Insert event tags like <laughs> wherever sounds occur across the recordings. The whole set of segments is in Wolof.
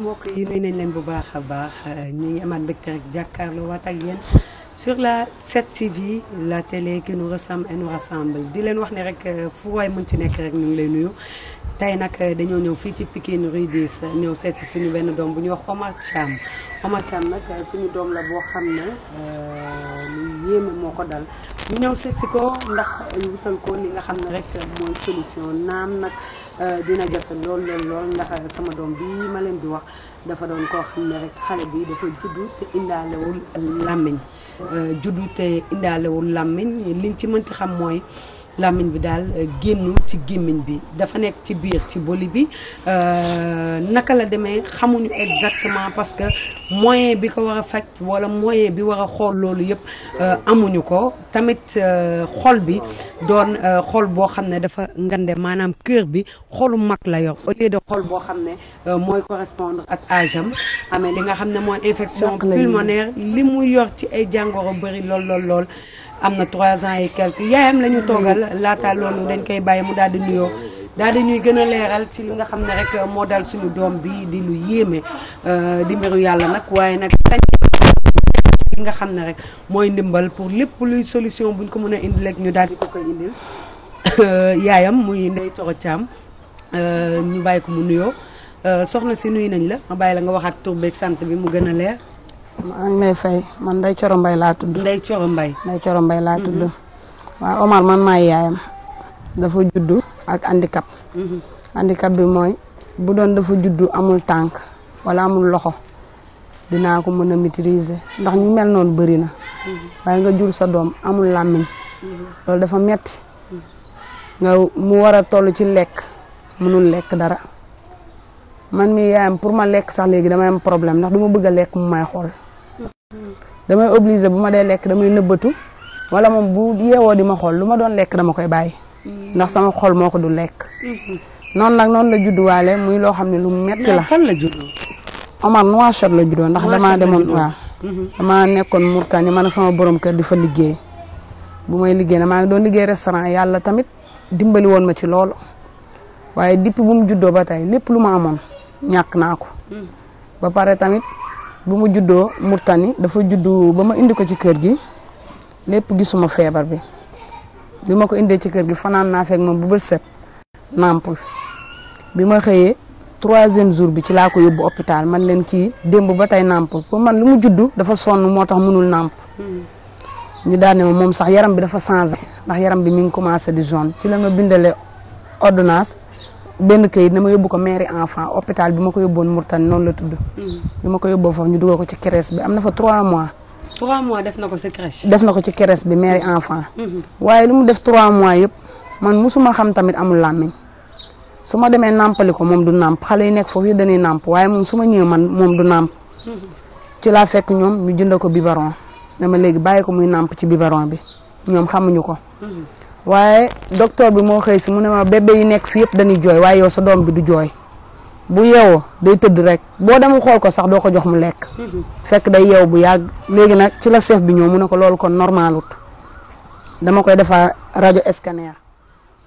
mbokk yi nuyu nañ leen bu baax a baax ñu ngi amaat mbégte rek jàkkaarloo waat ak yéen sur la 7TV la télé qui nous ressemble et di leen wax ne rek euh, fu waay mën ci nekk rek ñu ngi lay nuyu. tey nag euh, dañoo ñëw fii ci Pikine Rue 10 ñëw seet si suñu benn doom bu ñuy wax Omar Thiam Omar Thiam nag euh, suñu doom la boo xam ne lu yéeme moo ko dal ñu ñëw seet si ko ndax wutal ko li nga xam ne rek mooy solution naam nag. Euh, dina jafe lool lool lool ndax euh, sama doom bii ma leen di wax dafa doon koo xam ne rek xale bi dafa juddu te indaalewul làmmiñ euh, juddu te indaalewul làmmiñ liñ ci ti xam mooy làmmiñ bi daal euh, génnul ci gémmiñ bi dafa nekk ci biir ci boli bi euh, naka la demee xamuñu exactement parce que moyen bi ko war a faj wala moyen bi war a xool loolu yëpp euh, amuñu ko tamit xol bi doon xol boo xam ne dafa ngande maanaam cœur bi xolu mag la yor au de xol boo xam ne mooy correspondre ak âge am amee li nga xam ne mooy infection pulmonaire li mu yor ci ay jàngoro bëri lool lool lool am na trois ans et quelques yaayam la ñu toogal laata loolu dañ koy bàyyi mu daal di nuyoo daal di ñuy gën a leeral ci li nga xam ne rek moo dal suñu doom bi di lu yéeme euh, di mbiru yàlla nag waaye nag sañ nga xam ne rek mooy ndimbal pour lépp luy solution buñ ko mën a indil rek ñu daal di ko koy indil <coughs> yaayam muy Ndeye Toro Thiam euh, ñu bàyyi ko mu nuyoo euh, soxna si nuyu nañ la ma bàyyi la nga waxaat tur beeg sant bi mu gën a leer maa ngi fay man day Coro Mbaye laa tudd. Ndeye Coro Mbaye. Ndeye Coro laa tudd. Mm-hmm. Omar man maay yaayam dafa juddu ak handicap. Mm-hmm. handicap bi mooy bu doon dafa juddu amul tànk wala amul loxo dinaa ko mën a maîtriser ndax ñu mel noonu bëri na. Mm-hmm. waaye nga jur sa doom amul làmmiñ. loolu dafa metti nga mu war a toll ci lekk mënul lekk dara. man mi yaayam pour ma lekk sax léegi dama am problème ndax du ma bëgg a lekk mu may xool. damay obligé bu ma dee lekk damay nëbbatu wala moom bu yeewoo di ma xool lu ma doon lekk dama koy bàyyi. Mm. ndax sama xol moo ko du lekk. Mm-hmm. noonu nag noonu la judduwaale muy loo xam ne lu mu metti la. fan la juddoo. Omar Nouakchott la juddoo ndax damaa demoon waaw. Mm-hmm. damaa nekkoon Mourtani man ak sama borom kër di fa liggéey bu may liggéey na maa ngi doon liggéey restaurant yàlla tamit dimbali woon ma ci loolu waaye dipp bu juddoo ba tey lépp lu ma amoon ñàkk naa ko. Mm. ba pare tamit bu mu juddoo Murtani dafa juddu ba ma indi ko ci kër gi lépp gisuma feebar bi bi ma ko indee ci kër gi fanaan naa fekk moom bu bët set nàmpul bi ma xëyee troisième jour bi ci laa ko yóbbu hôpital man leen kii démb ba tey nàmpul ko man lu mu juddu dafa sonn moo tax mënul nàmp ñu daal ne moom sax yaram bi dafa changé ndax yaram bi mi ngi commencé di jaune ci la ma bindalee ordonnance benn këyit dama yóbbu ko mairie enfant hôpital bi ma ko yóbboon Mourtane noonu la tudd. Hmm. bi ma ko yóbboo foofu ñu dugal ko ci crèche bi am na fa 3 mois. 3 mois def na ko ci crèche. def na ci crèche bi mairie hmm. enfant. Hmm. waaye lu mu def trois mois yëpp man ma xam tamit amul làmmiñ su ma demee nampali ko moom du nàmp xale yi nekk foofu yëpp dañuy nàmp waaye moom su ma ñëwee man moom du nàmp. ci laa fekk ñoom ñu jënd ko na ma léegi bàyyi ko muy nàmp ci biberon bi ñoom xamuñu ko. waaye docteur bi moo xëy si mu ne ma bébé yi nekk fii yëpp dañuy jooy waaye yow sa doom bi du jooy bu yeewoo day tëdd rek boo demul xool ko sax doo ko jox mu lekk. fekk day yeew bu yàgg léegi nag ci la chef bi ñëw mu ne ko loolu kon normalut dama koy defar rajo scanner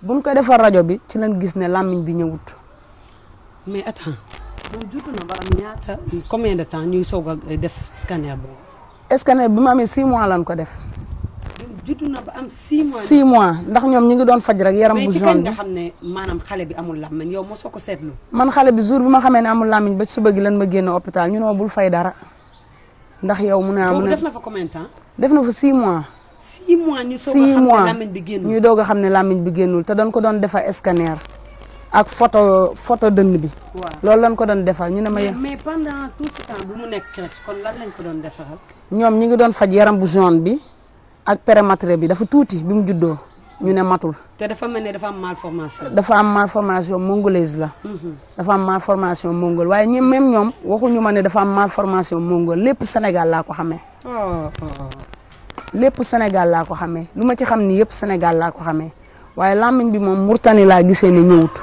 buñ koy defar rajo bi ci lañ gis ne làmmiñ bi ñëwut. mais attends man jot temps ñuy soog a def scanner boobu. scanner bi ma amee 6 mois lañ ko def. juddu na ba am mois. ndax ñoom ñu ngi doon faj rek yaram bu jaune bi xam ne maanaam xale bi amul làmmiñ yow mosoo ko seetlu. man xale bi jour bi ma xamee ne amul làmmiñ ba suba gi lan ma génn hôpital ñu ne ma bul fay dara ndax yow mun naa. mun def na fa combien de def na fa 6 mois. 6 mois ñu soog a xam ne bi génnul 6 mois doog a xam ne làmmiñ bi génnul te doon ko doon defa scanner. ak photo photo dënn bi. waaw loolu lañ ko doon defal ñu ne ma. mais pendant tout temps bu mu nekk kon lan lañ ko doon ñoom ñi ngi doon faj yaram bu jaune bi ak pere prématuré bi dafa tuuti bi mu juddoo ñu ne matul. te dafa mel ne dafa am malformation. dafa am malformation mongolaise la. Mhm. dafa am formation mongol waaye ñi même ñoom waxuñu ma ne dafa am formation mongol lépp Sénégal laa ko xamee. Oh, oh, oh. lépp Sénégal laa ko xamee lu ma ci xam ni yëpp Sénégal laa ko xamee waaye làmmiñ bi moom Murtani laa gisee ne ñëwut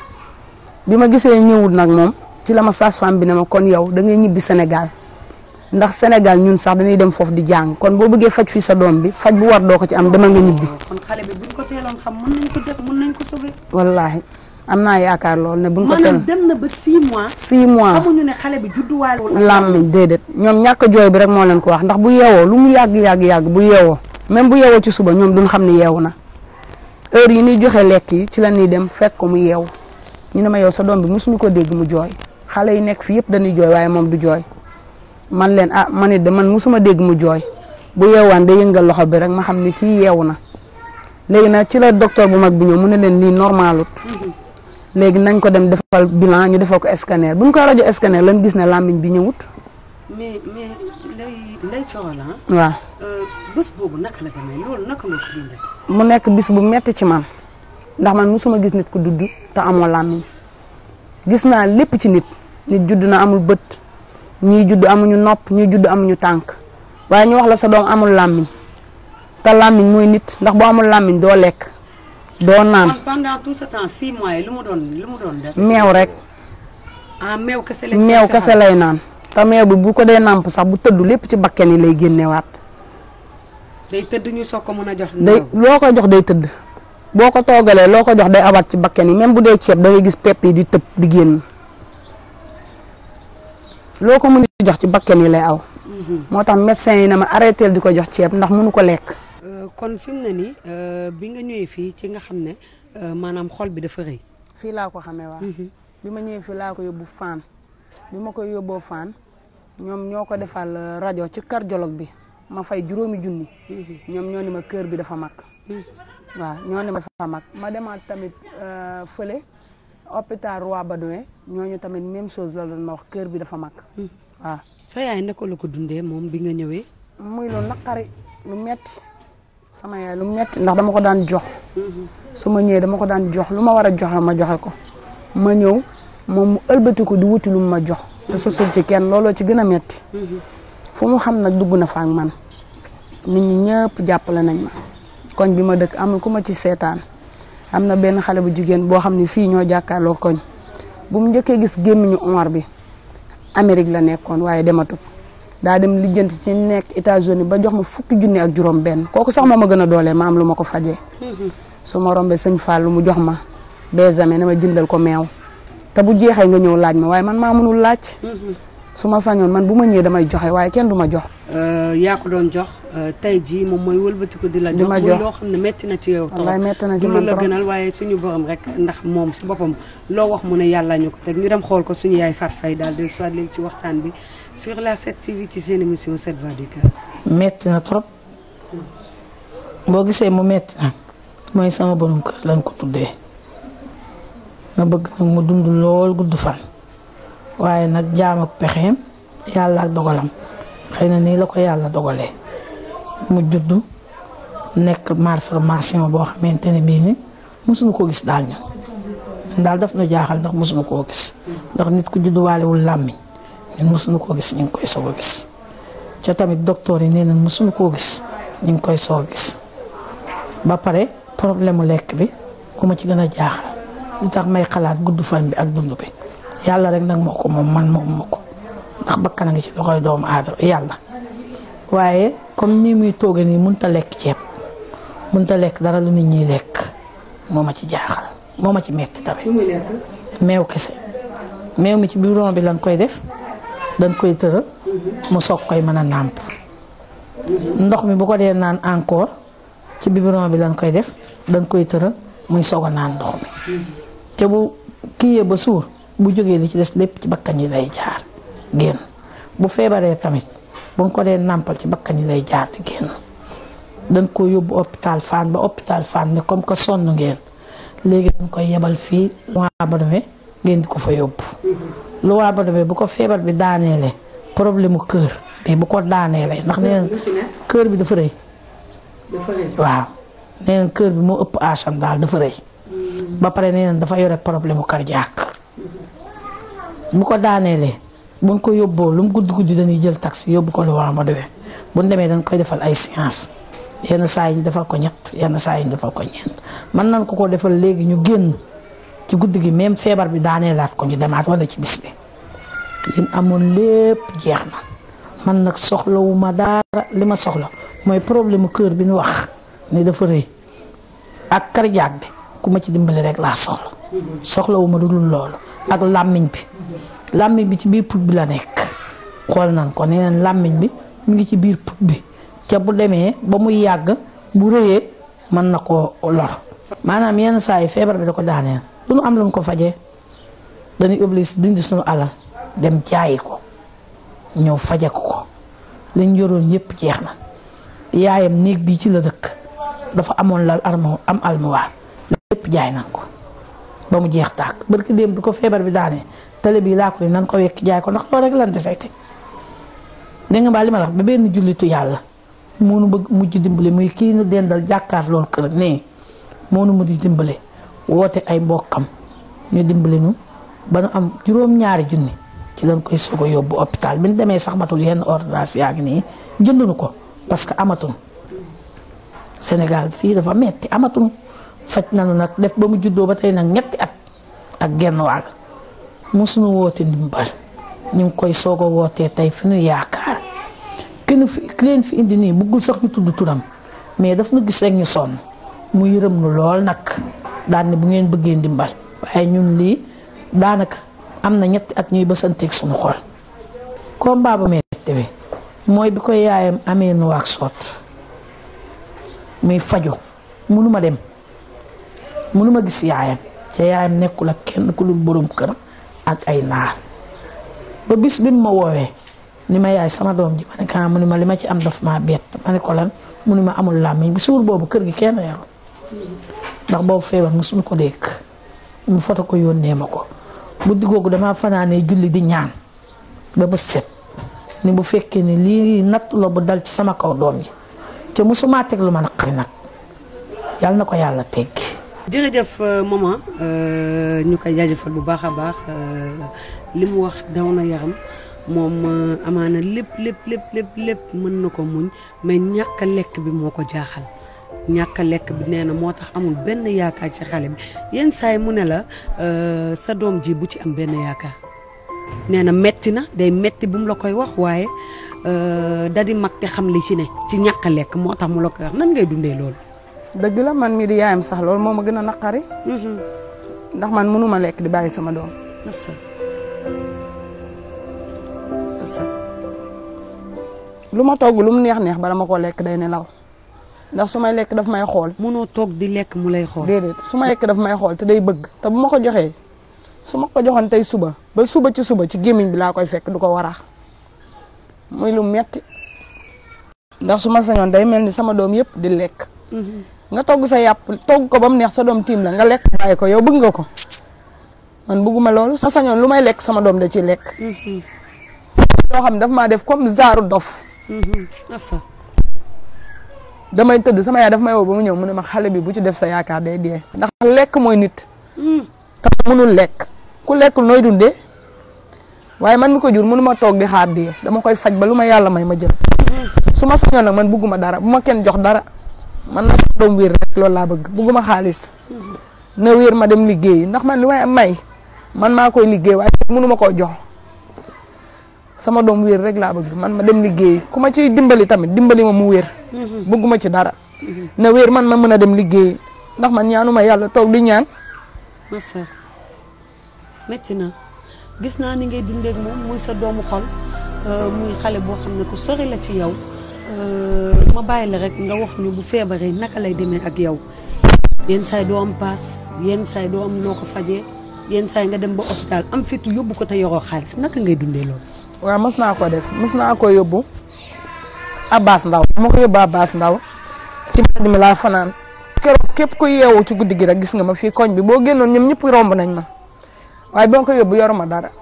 bi ma gisee ñëwut nag moom ci la ma sage-femme bi ne ma kon yow da ngay ñibbi Sénégal. ndax Sénégal ñun sax dañuy dem foofu di jàng kon boo bëggee faj fii sa doom bi faj bu war doo ko ci am demal nga ñibbi. kon xale bi buñ xam mën nañ ko wallaahi am naa yaakaar lool ne buñ ko teeloon maanaam dem na ba mois. 6 mois ne xale bi judduwaale woon. làmmiñ déedéet ñoom ñàkk a jooy bi rek moo leen ko wax ndax bu yeewoo lu mu yàgg yàgg yàgg bu yeewoo même bu yeewoo ci suba ñoom duñ xam ne yeewu na heure yi nuy joxe lekk yi ci la ñuy dem fekk ko mu yeewu ñu ne ma yow sa doom bi mosuñu ko dégg mu jooy xale yi nekk fi yëpp dañuy jooy waaye moom du jooy man leen ah man it de man musuma dégg mu jooy bu yeewaan day yëngal loxo bi rek ma xam ni kii yeewu na léegi nag ci la docteur bu mag bi ñëw mu ne leen lii normalut léegi nañ ko dem defal bilan ñu defal ko scanner bu ñu ko rajo scanner lan gis ne làmmiñ bi ñëwut. mais mais lay lay ah? euh, bés boobu naka la mu nekk bis bu metti ci man ndax man musuma gis nit ku dudd te amoo làmmiñ gis naa lépp ci nit nit judd na amul bët. ñii judd amuñu nopp ñuy judd amuñu tànk waaye ñu wax la sa doom amul làmmiñ te làmmiñ mooy nit ndax boo amul làmmiñ doo lekk doo naan. pendant tout ce mois yi lu mu doon lu mu meew rek. ah meew kese lay lay naan. te meew bi bu ko dee nàmp sax bu tëdd lépp ci bakken yi lay génnewaat. day tëdd ñu soog ko mën a jox. day loo ko jox day tëdd. boo ko toogalee loo ko jox day abaat ci bakken yi même bu dee ceeb da ngay gis pepp yi di tëb di génn. loo ko mën a jox ci bakkan yi lay aw. Mhm. moo tax médecin yi na ma arrêté di ko jox ceeb ndax mënu ko lekk. Euh, kon fi ne nii euh, bi nga ñëwee fii ci nga xam ne euh, maanaam xol bi dafa rëy. fii laa ko xamee waa mhm. bi ma ñëwee fii laa ko yóbbu Fann bi ma koy yóbboo Fann ñoom ñoo ko defal rajo ci cardiologue bi ma fay juróomi junni. Mhm. ñoom ñoo ma kër bi dafa mag. ñoo ni ma dafa mag ma demaat tamit fële. hôpital Roi Baudouin ñooñu tamit même chose la doon ma wax kër bi dafa mag. Hmm. waaw sa yaay naka la ko dundee moom bi nga ñëwee. muy lu naqari lu metti sama yaay lu metti ndax dama ko daan jox. Hmm. su ma ñëwee dama ko daan jox lu ma war a joxe ma joxe ko. ma ñëw moom mu ëlbati ko di wuti lu ma jox. te hmm. sësul ci kenn looloo ci gën a metti fu mu xam nag dugg na fa man. nit ñi ñëpp jàppale nañ ma. koñ bi ma dëkk amul ku ma ci seetaan. am na benn xale bu jigéen boo xam ne fii ñoo jàkkaarloo koñ bu mu njëkkee gis gémmiñu Omar bi Amérique la nekkoon waaye dematut daa dem lijjanti ci nekk États-Unis ba jox ma fukki junni ak juróom benn kooku sax ma ma gën a doole ma am lu ma ko fajee <laughs> su ma rombee sëñ lu mu jox ma besamé na ma jëndal ko meew te bu jeexee nga ñëw laaj ma waaye man maa mënul laaj <laughs> <laughs> su ma sañoon man bu ma ñëwee damay joxe waaye kenn du ma jox. Euh, yaa ko doon jox euh, tey jii moom mooy wëlbatiku di la. jox muy loo xam ne metti na ci yow. wallaay metti na ci man la gënal waaye suñu borom rek ndax moom boppam loo wax mu ne yàlla ñu ko teg ñu dem xool ko suñu yaay Fatou Faye daal de ci waxtaan bi sur la 7TV ci seen émission trop boo gisee mu metti na mooy sama borom kër lañ ko tuddee ma bëgg nag mu dund lool gudd fan. waaye nag jaam ak pexeem yàlla ak dogalam xëy na nii la ko yàlla dogalee mu juddu nekk malformation boo xamante ne bii ni mësuñu koo gis daal ñun daal daf na jaaxal ndax mësuñu koo gis ndax nit ku judduwaalewul làmmiñ koo gis ñu ngi koy soog a gis ca tamit docteur yi nee nañ mësuñu koo gis ñu ngi koy soog a gis ba pare problème mu lekk bi ku ma ci gën a jaaxal li tax may xalaat gudd fan bi ak dund bi yàlla rek nag moo ko moom man moom ma ko ndax bakkan ngi ci loxoy doomu aadama yàlla waaye comme nii muy tooge nii mënut a lekk ceeb mun a lekk dara lu nit ñiy lekk moom a ci jaaxal moom a ci metti tamit meew kese meew mi ci biiron bi lañ koy def dañ koy tëral mu soog koy mën a nàmp ndox mi bu ko dee naan encore ci biberon bi lañ koy def dañ koy tëral muy soog a naan ndox mi te bu kiiyee ba suur bu jógee li ci des lépp ci bakkan yi lay jaar génn bu feebaree tamit buñ ko dee nàmpal ci bakkan yi lay jaar di génn dañ ko yóbbu hôpital Fann ba hôpital Fann ne comme que sonn ngeen léegi dañ koy yebal fii Loa Badome ngeen di ko fa yóbbu Loa Badome bu ko feebar bi daaneele problème mu kër bi bu ko daaneele ndax nee kër bi dafa rëy waaw nee kër bi moo ëpp aasam daal dafa rëy hmm. ba pare nee dafa yore problème mu cardiaque mu ko daaneelee buñ ko yóbboo lu mu guddi guddi dañuy jël taxi yóbbu ko lu war ma demee buñ demee dañ koy defal ay séance yenn saa yi ñu defal ko ñett yenn saa yi ñu defal ko ñeent mën nañ ko ko defal léegi ñu génn ci guddi gi même feebar bi daaneelaat ko ñu demaat wala ci bis bi liñ amoon lépp jeex na man nag soxlawuma dara li ma soxla mooy problème mu kër bi nu wax ne dafa rëy ak karijaat bi ku ma ci dimbali rek laa soxla soxlawuma dudul loolu ak làmmiñ bi làmmiñ bi ci biir put bi la nekk xool nan ko nee làmmiñ bi mu ngi ci biir put bi ca bu demee ba muy yàgg bu rëyee mën na koo lor maanaam yenn saa yi feebar bi da ko daaneel du nu am lu ko fajee dañuy obligé dindi suñu alal dem jaayi ko ñëw fajaku ko liñ yoroon yépp jeex na yaayam néeg bii ci la dëkk dafa amoon lal armo am almuwaar lépp jaay nañ ko ba mu jeex tàkk barki démb bi ko feebar bi daanee tele bi laa ko ni nan ko wekk jaay ko ndax loolu rek lan desay teg nga baa li ma wax ba benn jullitu yàlla moonu bëgg mujj dimbali muy kii nu dendal jàkkaar loolu kër nee moonu mujj dimbale woote ay mbokkam ñu dimbale ñu ba nu am juróom-ñaari junni ci lan koy soog a yóbbu hôpital bi nu demee sax matul yenn ordonnance yaa ngi nii jënduñu ko parce que amatuñ Sénégal fii dafa metti amatuñ faj nanu nag def ba mu juddoo ba tey nag ñetti at ak genn mu suñu woote ndimbal ñu ngi koy soog a wootee tey fi ñu yaakaar kenn fi ki leen fi indi nii bëggul sax ñu tudd turam mais daf nu gis rek ñu sonn mu yërëm nu lool nag daan ne bu ngeen bëggee ndimbal waaye ñun lii daanaka am na ñetti at ñuy bësanteeg suñu xol combat ba metti bi mooy bi koy yaayam amee nu waak soot muy fajo mënuma dem mënuma gis yaayam ca yaayam nekkul ak kenn ku dul borom kër ak ay naar ba bis bi mu ma woowee ni ma yaay sama doom ji ma ne ah, ma li ma ci am daf maa bett lan mu ni ma amul làmmiñ bu suur boobu kër gi kenn yaru ndax boo feebar mu suñu ko dégg mu foto ko yónnee ma ko guddi googu damaa fanaanee julli di ñaan ba bët set ni bu fekkee ni lii natt la bu dal ci sama kaw doom yi te musuma teg lu ma naqari nag yàlla na ko yàlla teggi jërëjëf euh, maman euh, ñu koy jaajëfal bu baax a baax euh, li mu wax daw na yaram moom amaana lépp lépp lépp lépp lépp mën na ko muñ mais ñàkk lekk bi moo ko jaaxal ñàkk lekk bi nee na moo tax amul benn yaakaar ci xale bi yenn saa yi mu ne la sa doom ji bu ci am benn yaakaar nee na metti na day metti bi mu la koy wax waaye da di mag te xam li ci ne ci ñàkk lekk moo tax mu la koy wax nan ngay dundee loolu. dëgg la man mii di yaayam sax lool moo ma gën a naqari. Mm-hmm. ndax man ma lekk di bàyyi sama doom. lu ma togg lu mu neex neex bala ma koo lekk day ne law ndax su may lekk daf may xool. mënoo toog di lekk mu lay xool. su ma lekk daf may xool te day bëgg te bu ma ko joxee su ma ko joxoon tey suba ba suba ci suba ci gémmiñ bi laa koy fekk du ko warax muy lu metti ndax su ma sañoon day mel ni sama doom yëpp di lekk. Mm-hmm. nga togg sa yàpp togg ko ba mu neex sa doom tiim la nga lekk bàyyi ko yow bëgg nga ko man bëgguma loolu sa sañoon lu may lekk sama doom da ciy lekk xam ne daf maa def comme zaaru dof damay tëdd sama yaay daf may woo ba mu ne ma xale bi bu ci def sa yaakaar day lekk mooy nit te lekk ku lekkul nooy dundee waaye man mi ko jur mënu toog di xaar dee dama koy faj ba ma yàlla may ma jël su ma sañoon nag man bëgguma dara bu ma kenn jox dara man na su doom wér rek loolu laa bëgg bëgguma xaalis na wér ma dem liggéey ndax man li may am man maa koy liggéey waaye mënu ma koo jox sama doom wér rek laa bëgg man ma dem liggéey ku ma ciy dimbali tamit dimbali ma mu weer bëgguma ci dara na wér man ma mën a dem liggéey ndax man ñaanuma yàlla toog di ñaan masa métti na gis naa ni ngay dundeek moom muy sa doomu xol euh, muy xale boo xam ne ku sori la ci yow Euh, ma bàyyi la rek nga wax ñu bu feebaree naka lay demee ak yow yenn saay doo am paas yenn saay doo ko fajee yenn saay nga dem ba hôpital am fit yóbbu ko te yoroo xaalis naka ngay dundee loolu. waa mës naa ko def mës naa ko yóbbu Abbas Ndaw ma ko yóbbu baas Ndaw ci mbedd mi laa fanaan. keroog képp ku yeewu ci guddi gi rek gis nga ma fii koñ bi boo génnoon ñoom ñëpp romb nañ ma waaye boo ko yóbbu yoruma dara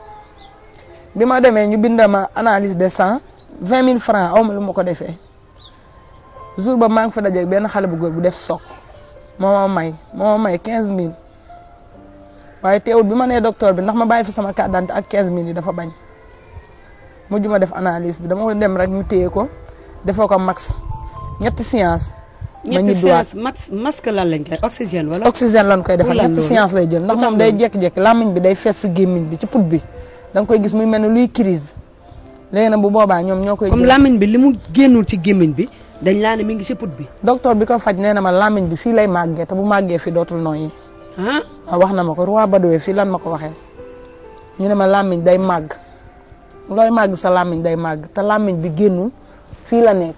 bi ma demee ñu bind ma de sang. vingt mille francs ma lu ma ko defee jour ba maa ngi fa dajeeg benn xale bu góor bu def soog moo ma may moo ma may quinze mille waaye teewul bi ma nee docteur bi ndax ma bàyyi fi sama carte dant ak quinze mille yi dafa bañ mujj ma def analyse bi dama ko dem rek mu téye ko defoo ko max ñetti science ma ñetti science max masque lan lañ koy oxygène wala. oxygène lan koy defal ñetti science lay jël ndax moom day jékki-jékki làmmiñ bi day fees gémmiñ bi ci put bi danga koy gis muy mel ni luy crise léegi nag bu boobaa ñoom ñoo koy. làmmiñ bi li mu génnul ci gémmiñ bi dañ laa ne mi ngi put bi. docteur bi ko faj nee na ma làmmiñ bi fii lay màggee te bu màggee fii dootul ah? Ah, wax na ma ko roi Badoé fii lan ma ko waxee ñu ne ma làmmiñ day màgg looy màgg sa làmmiñ day màgg te làmmiñ bi génnul fii la ne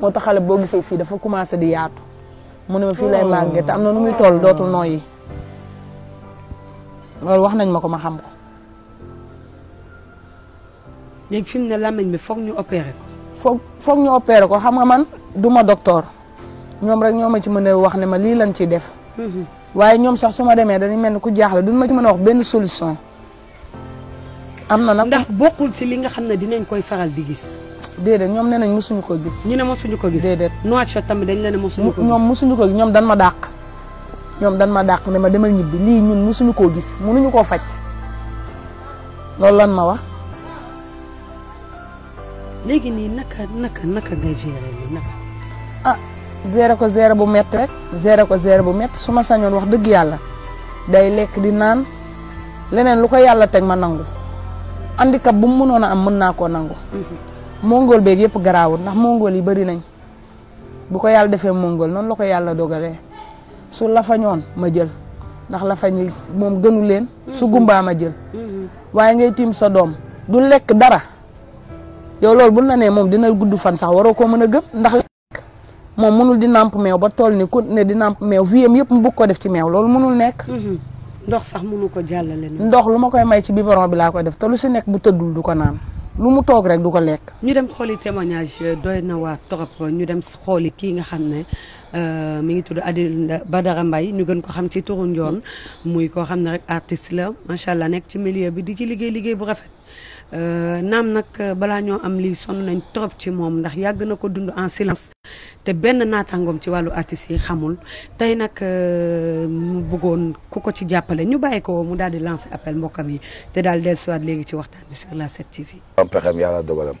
moo tax xale boo gisee fii dafa commencé di yaatu. mu ne ma fii lay màggee te am na nu muy toll dootul nooyi loolu wax nañ ma ko ma xam léegi fi mu ne làmmiñ bi foog ñu opéré ko. foog foog ñu opéré ko xam nga man du ma docteur ñoom rek ñoo ma ci mën a wax ne ma lii lañ ciy def. Mhm. waaye ñoom sax su ma demee dañuy mel ni ku jaaxle duñ ma mën a wax benn solution. am na nag ndax bokkul ci li nga xam ne dinañ koy faral di gis. déedéet ñoom nee nañ mosuñu ko gis. ñu ne mosuñu ko gis déedéet. noacha dañ la ne mosuñu ñoom mosuñu ko ñoom dan ma dàq. ñoom dan ma dàq ne ma demal ñibbi lii ñun mosuñu koo gis mënuñu koo faj loolu lan ma wax. léegi nii naka naka naka nga ah, gérer ko gérer bu métti rek. gérer ko gérer bu métti su ma sañoon wax dëgg yàlla day lekk di naan leneen lu ko yàlla teg ma nangu. handicap bu mu mënoon a am mën naa koo nangu. Mhm. mongol beeg yëpp garaawul ndax mongol yi bari nañ bu ko yàlla defee mongol noonu la ko yàlla dogalee su lafañoon ma jël ndax lafañ yi moom gënu leen. su mhm. gumbaa ma jël. Mhm. waaye ngay tiim sa doom du lekk dara. yow loolu bu na nee moom dina gudd fan sax waroo koo mën a gëm ndax moom mënul di nàmp meew ba toll ni continuer di nàmp meew viam yëpp mu ko def ci meew loolu mënul nekk mhm. ndox sax mënu ko jàllale ndox lu ma koy may ci biberon bi laa koy def te lu si nekk bu tëddul du ko naan lu mu toog rek du ko lekk ñu dem xooli témoignage euh, doy na waa trop ñu dem xooli kii nga xam ne euh, mi ngi tudd ba Badara mbay ñu gën ko xam ci turu Ndion muy koo xam ne rek artiste la macha allah nekk ci milieu bi di ci liggéey liggéey bu rafet Euh, naam nag euh, balaa ñoo am lii son nañ trop ci moom ndax yàgg na ko dund en silence te benn naataangoom ci wàllu artistes yi xamul tey nag euh, mu bëggoon ku ko ci jàppale ñu bàyyi ko mu daal di lancer appel mbokkam yi te daal dellusiwaat léegi ci waxtaan bi sur la 7TV. am yàlla dogalam.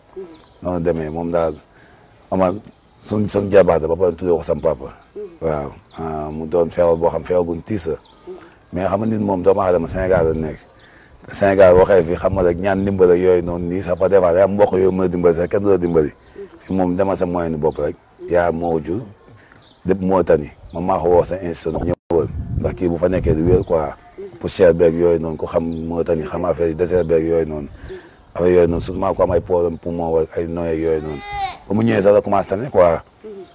noonu moom daal amal suñ suñ jabaate ba ah, mu doon feebar boo xam feebar buñ tiis la mais xam nga nit moom doom aadama Sénégal la nekk. Sénégal waxee fi xam nga rek ñaan dimbal ak yooyu noonu nii ça peut démarrer am mbokk yooyu mën a dimbali sax dimbali fi moom dama sa moyen bopp rek yaa moo jur lépp moo tani man maa ko woo sa institution ñëwal ndax kii bu fa nekkee quoi poussière beeg yooyu noonu xam moo tani xam affaire yi désert beeg yooyu noonu yooyu noonu surtout maa ko am ay problème poumon wala ay noyyi yooyu noonu ba mu commencé tane quoi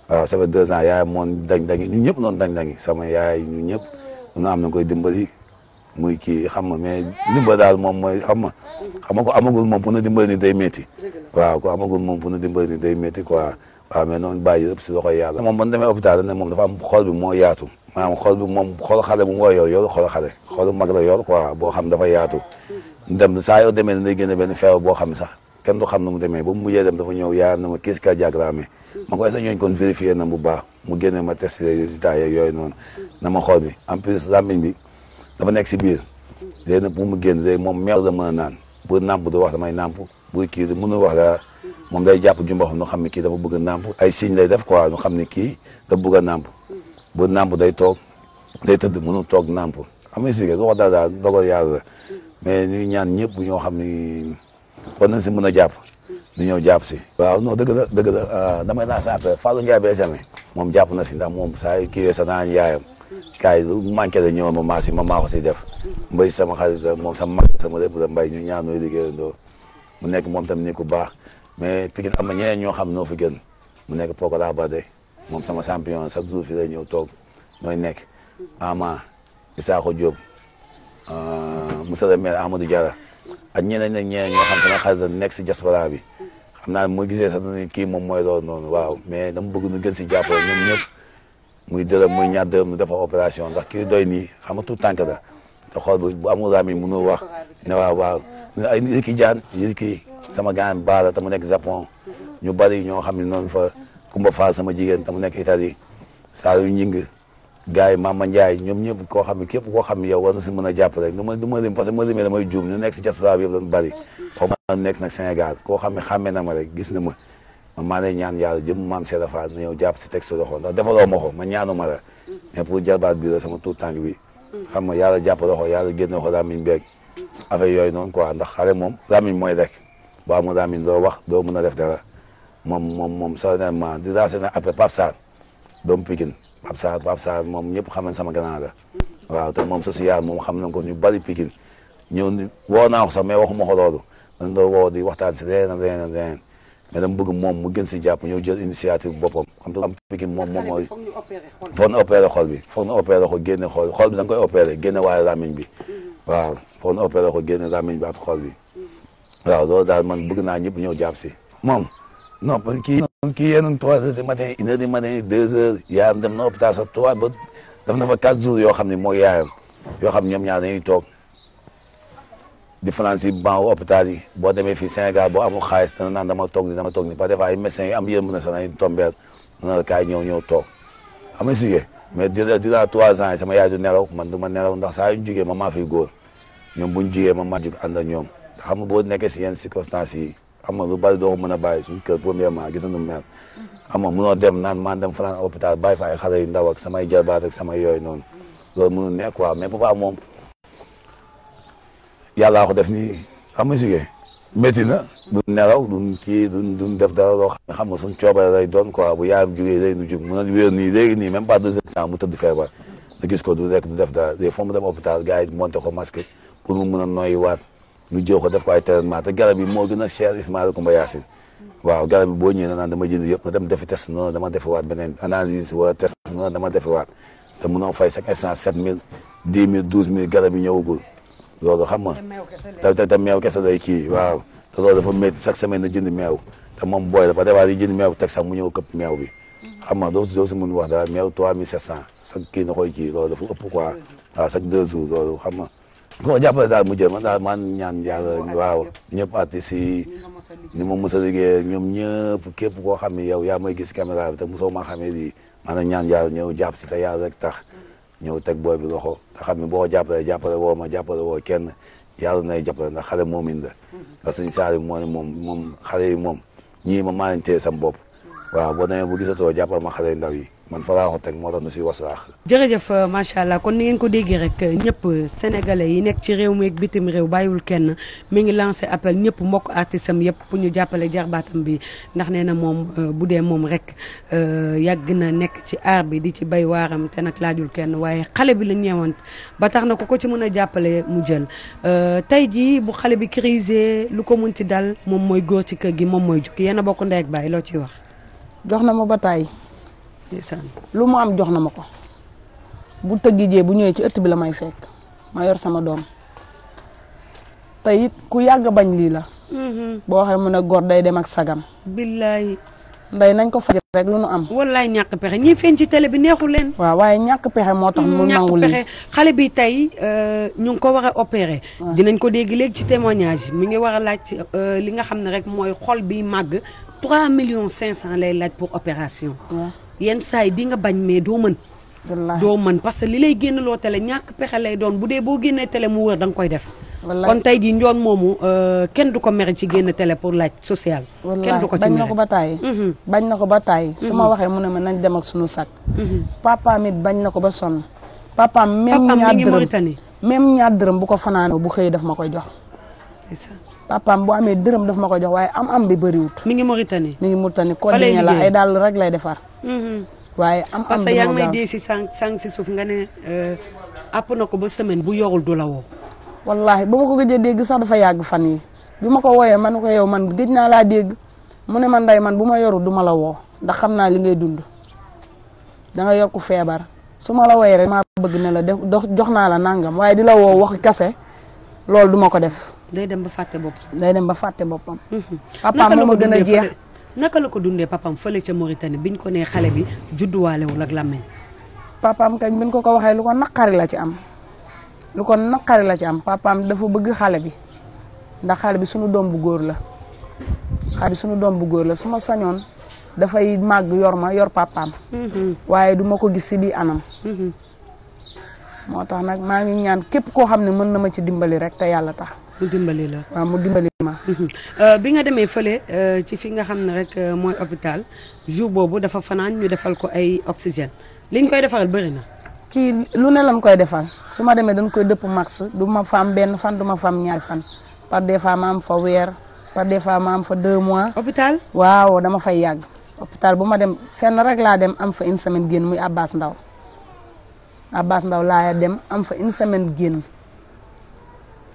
waaw ça fait deux dañ dañi ñun ñëpp noonu dañ dañi sama yaay ñëpp na am na koy dimbali muy kii xam nga mais dimbal daal moom mooy xam nga xam nga ko amagul moom pour na dimbali ni day métti waaw ko amagul moom pour na dimbali ni day métti quoi waaw mais noonu bàyyi yëpp si loxoy yàlla moom ban demee hôpital ne moom dafa am xol bi moo yaatu maanaam xol bi moom xol xale bu mu war a yor yor xol xale xolu mag la yor quoi boo xam dafa yaatu dem saa yoo demee ne day génne benn feebar boo xam sax kenn du xam nu mu demee ba mu mujjee dem dafa ñëw yaayam na ma kiis ka diagramme ma ko sa ñooñ kon vérifié na bu baax mu génne ma test résultat yooyu noonu na ma xool bi en plus làmmiñ bi dafa nekk si biir léegi nag bu mu génn léegi moom meew la mën a naan bu nàmp da wax damay nàmp bu kii di mënul wax dara moom day jàpp jumba xam nu xam ne kii dafa bëgg a nàmp ay signe lay def quoi nu xam ne kii dafa bëgg a bu nàmp day toog day tëdd mënul toog nàmp am na si lu wax dara daal dogal yàlla la mais ñuy ñaan ñëpp ñoo xam ni war nañ si mën a jàpp du ñëw jàpp si. waaw non dëgg la dëgg la ah, damay naa sa affaire Fallou Ndiaye moom jàpp na si ndax moom saa yu kiiwee sa naan yaayam. gars yi lu manqué la ñëwoon ma maa si ma maa ko si def mbay sama xarit moom sama mag sama lépp mbay ñu ñaar nooy liggéeyandoo mu nekk moom tam ni ku baax mais Pikine am na ñeneen ñoo xam noo fi gën mu nekk Pokola Bade moom sama champion chaque jour fi lay ñëw toog mooy nekk Ama Isaaxa Diop euh, monsieur le maire Amadou du ak ñeneen ak ñeneen ñoo xam sama xarit la nekk si diaspora bi xam naa moo gisee sax kii moom mooy loolu noonu waaw mais dama bëgg nu gën si jàppale ñoom ñëpp muy dërëm muy ñaar dërëm nu dafa opération ndax kii doy nii xam nga tànk la te xool bu amu amul raam yi mënul wax ne waaw waaw ay Ricky Diane sama gaan baala te nekk Japon ñu bari ñoo xam ne noonu fa Kumba Fall sama jigéen te mu nekk Italie saa yu ñing gars yi Mama Ndiaye ñoom ñëpp koo xam ne képp koo xam ne yow war na si mën a jàpp rek du ma du ma lim parce que juum ñu nekk si diaspora bi yëpp doon bari xaw ma nekk nag Sénégal koo xam ne xàmmee na ma rek gis na ma man maa ñaan yàlla jëm maam Serap Fall na ñëw jàpp si teg sa loxo ndax defaloo ma ko ma ñaanu ma la mais pour jarbaat bi la sama tuut tànk bi xam nga yàlla jàpp loxo yàlla génne ko làmmiñ beeg affaire yooyu ko quoi ndax xale moom làmmiñ mooy rek boo amul làmmiñ doo wax doo mën a def dara moom moom moom solennellement di racé na après Pape Sarr doomu Pikine Pape Sarr Pape Sarr moom ñëpp xam sama grand la waaw te moom social moom xam nañ ko ñu bari Pikine ñëw woo naa ko sax mais waxuma ko loolu dañ doon di waxtaan si leneen leneen leneen mais dama bëgg moom mu gën si jàpp ñëw jël initiative boppam xam nga am moom moom mooy foog na opéré bi foog na opéré ko génne xol xol bi da nga koy opéré génne waaye làmmiñ bi mm-hmm. waaw foog na opéré ko génne làmmiñ bi ak xol bi mm-hmm. waaw loolu daal man bëgg naa ñëpp ñëw jàpp si moom non parce que kii kii yéen trois heures du matin une heure du matin yaayam dem na hôpital sax ba def na fa quatre jours yoo xam ne mooy yaayam yoo xam ñoom ñaar dañuy toog di fanaan si ban hôpital yi boo demee fii Sénégal boo amul xaalis dana naan dama toog ni dama toog ni parce que des fois ay médecins yi am yéen mën a sax nañu tomber na la kaay ñëw ñëw toog xam si mais durant trois ans yi sama yaay du nelaw man du ma nelaw ndax saa yu ñu jugee ma maa fiy góor ñoom bu ñu jugee ma maa jug ànd ak ñoom te xam nga boo neke si yenn circonstances yi xam nga lu bari doo ko mën a bàyyi suñu kër premièrement gis nañu mel xam nga dem naan maa dem fanaan hôpital bàyyi fa ay xale yu ndaw ak samay jarbaat ak samay yooyu noonu loolu nekk quoi mais papa moom yàllaa ko def nii ama si métti na du nelaw du kii du du def dara loo xam nga suñ coobare lay doon quoi bu yaayam jugee day nu jug mu ne wéer nii léegi nii même pas deux heures temps mu tëdd feebar nga gis ko du rek du def dara des fois mu dem hôpital gars yi monté ko masque pour mu mun a noyyiwaat ñu jëw ko def ko ay traitement te garab yi moo gën a cher Ismaïla Coumba Yacine waaw garab yi boo ñëwee naan dama jënd yëpp nga dem defi test noonu dama defiwaat beneen analyse wala test noonu dama defiwaat te munoo fay chaque instant sept mille dix mille douze mille garab loolu xam nga te te meew sa day kii waaw te loolu dafa métti chaque semaine na jënd meew te moom booy la parce que dafa jënd meew teg sax mu ñëw këpp meew bi mhm. xam nga doo si doo si mun wax daal meew trois mille sept sa chaque kii na koy ki loolu dafa ëpp quoi waaw chaque deux jours loolu xam nga boo jàppale daal mu jël man daal man ñaan yàlla waaw ñëpp artistes yi ni ma mos a liggéey ñoom ñëpp képp koo xam ne yow yaa may gis caméra bi te mosoo maa xamee lii maanaam ñaan ñëw jàpp si te yàlla rek tax mhm. ñëw teg booy bi loxo nga xam ne boo jàppale jàppale woo ma jàppale woo kenn yàlla nay jàppale na xale moomin la ndax suñ saari moo ne moom moom xale yi moom ñii ma maa leen téye sam bopp waaw boo demee bu gisatoo jàppal ma xale yu ndaw yi man fa laa ko teg moo tax nu si wasaax. jërëjëf euh, macha allah kon ni ngeen ko déggee rek euh, ñëpp euh, sénégalais yi nekk ci réew mi ak bitim réew bàyyiwul kenn mi ngi lancé appel ñëpp mbokk artiste am yëpp pour ñu jàppale jarbaatam bi ndax nee na moom bu dee moom rek yàgg na nekk ci aar bi di ci bay waaram te nag laajul kenn waaye xale bi la ñeewant ba tax na ku ko ci mën a jàppale mu jël tey jii bu xale bi crisé lu ko mun ci dal moom mooy góor ci kër gi moom mooy jug yéen a bokk ndey ak loo ciy wax. jox na ma bataay lu mu am jox na ma ko bu tëggi jee bu ñëwee ci ëtt bi la may fekk ma yor sama doom tey it ku yàgg bañ lii la mm-hmm. boo waxee mu na gor day dem ak sagam billaahi nday nañ ko faj rek lu nu am wallaay ñàkk pexe ñi feeñ ci tele bi neexu leen waaw waaye ñàkk pexe moo tax mu mm, nangu li pexe xale bi tey euh, ñu ngi ko war a opéré nañ ko dégg léegi ci témoignage mi ngi war a laaj euh, li nga xam ne rek mooy xol bi màgg trois million cinq cent lay laaj pour opération yenn saa yi di nga bañ mee doo mën. doo mën parce que li lay génn loo télé ñàkk pexe lay doon bu dee boo génnee télé mu wër da koy def. kon tey jii njoon moomu euh, kenn du ko mere ci génn télé pour laaj social. kenn du ko ci bañ na ko ba tàyyi. Mhm. bañ na ko ba tàyyi. su ma mhm. waxee mu ne ma nañ dem ak suñu sac. Mhm. papaam bañ na ko ba sonn. papaam même ñaar dërëm même ñaar dërëm bu ko fanaanoo bu xëyee daf ma koy jox. papaam bu amee dërëm daf ma ko jox waaye am-am bi bëriwut. mi ngi Mauritanie mi ngi Mauritanie. fa lay liggéey la rek lay defar. waaye am am parce que yaa ngi si sànq sànq si suuf nga ne app euh, na ko ba semaine bu yorul du la woo. wallaahi ba ma ko gëj dégg sax dafa yàgg fan yi bi ma ko wooyee man ko yow man gëj naa laa dégg mu ne man day man bu ma yorul du ma la woo ndax xam naa li ngay dund danga nga yor ku feebar su ma la wooyee rek maa bëgg na la def dox jox naa la nangam waaye di la woo wax kase loolu du ma ko def. day dem ba fàtte boppam. day dem ba fàtte boppam. ma mhm. gën a jeex naka la ko dundee papam fële ca Mauritanie biñ ko nee xale bi judduwaalewul ak làmmiñ papaam kañ biñ ko ko waxee lu ko nakkari la ci am lu ko naqari la ci am papaam dafa bëgg xale bi ndax xale bi sunu doom bu góor la xale sunu doom bu góor la su ma sañoon dafay màgg yor ma yor papaam mhm. waaye duma ko gis si bii anam mhm. moo tax nag maa ngi ñaan képp koo xam ne mën na ma ci dimbali rek te yàlla tax mu dimbali la waaw mu dimbali ma. Mhm. Euh, bi nga demee fële euh, ci fi nga xam ne rek euh, mooy hôpital jour boobu dafa fanaan ñu defal ko ay oxygène liñ koy defaral bëri na. kii lu ne lam koy defal su ma demee dañ koy dëpp max du ma fa am benn fan du ma fa am ñaari fan par des fois ma am fa weer par des fois ma am fa deux mois. hôpital waaw dama fay yàgg. hôpital bu ma dem fenn rek laa dem am fa une semaine génn muy Abbas Ndaw Abbas Ndaw laa dem am fa une semaine génn.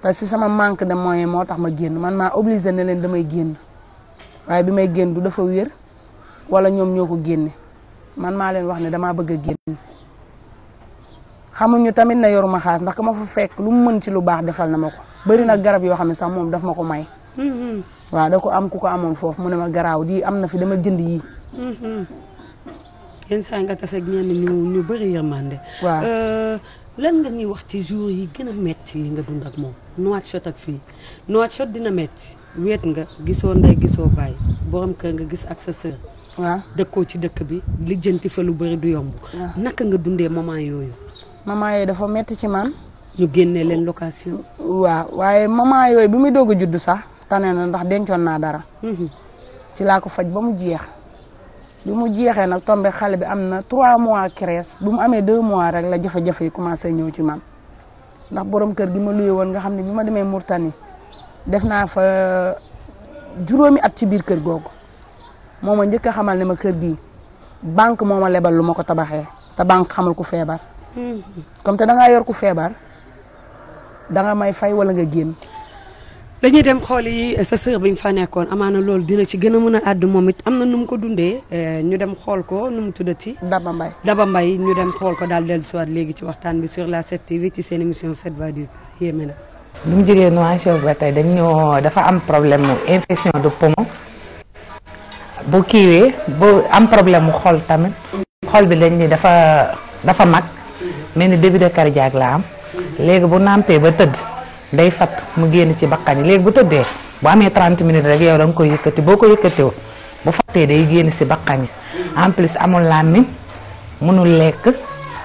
parce que sama manque de moyen moo tax ma génn man maa obligé na leen damay génn waaye bi may génn du dafa wér wala ñoom ñoo ko génne man maa leen wax ne damaa bëgg a génn xamuñu tamit na yoruma xaas ndax ka ma fa fekk lu mu mën ci lu baax defal na ma ko bari na garab yoo xam ne sax moom daf ma ko may mm-hmm. waaw da ko am ku ko amoon foofu mu ne ma garaaw di am na fi dama jënd yii mm-hmm. yenn saa nga tas ak ñenn ñu ñu bëri yërmande waaw euh, lan nga ñuy wax ci jour yi gën a metti yi nga dund ak moom Nouakchott ak fii Nouakchott dina metti weet nga gisoo ndey gisoo bàyyi borom kër nga gis ak sa sër waaw dëkkoo ci dëkk bi lijjanti fa lu bëri du yomb naka nga dundee moment yooyu moment yooyu dafa metti ci man ñu génnee leen location waa waaye moment yooyu bi muy doog a juddu sax tane na ndax dencoon naa dara mhm. ci laa ko faj ba mu jeex bi mu jeexee nag tombé xale bi am na trois mois crèche bu mu amee deux mois rek la jafe-jafe yi commencé ñëw ci man ndax borom kër gi ma luye woon nga xam ne bi ma demee Mourtani def naa fa juróomi at ci biir kër googu moom a njëkk a xamal ne ma kër gi banque moo ma lebal lu ma ko tabaxee te banque xamul ku feebar. Hmm. comme te da yor ku feebar da may fay wala nga génn. dañuy dem xool yi eh, sa sœur bi ñu fa nekkoon amaana loolu dina ci gën a mën a àdd moom it am na nu mu ko dundee eh, ñu dem xool ko nu mu tuddati. Daba Mbaye Daba Mbaye ñu dem xool ko daal dellusiwaat léegi ci waxtaan bi sur la 7TV ci seen émission 7 voix du Yéeme na. bu mu jigéen noonu chef ba tey dañ ñoo dafa am problème mu infection de poumon bu kiiwee bu am problème mu xol tamit. xol bi dañ ni dafa dafa mag. mel ni début de cardiaque la am. léegi bu nàmpee ba tëdd. day fatt mu génn ci bakkan yi léegi bu tëddee bu amee 30 minutes rek yow da nga ko yëkkati boo ko yëkkatiwul bu fattee day génn si bakkan yi en plus amul làmmiñ mënul lekk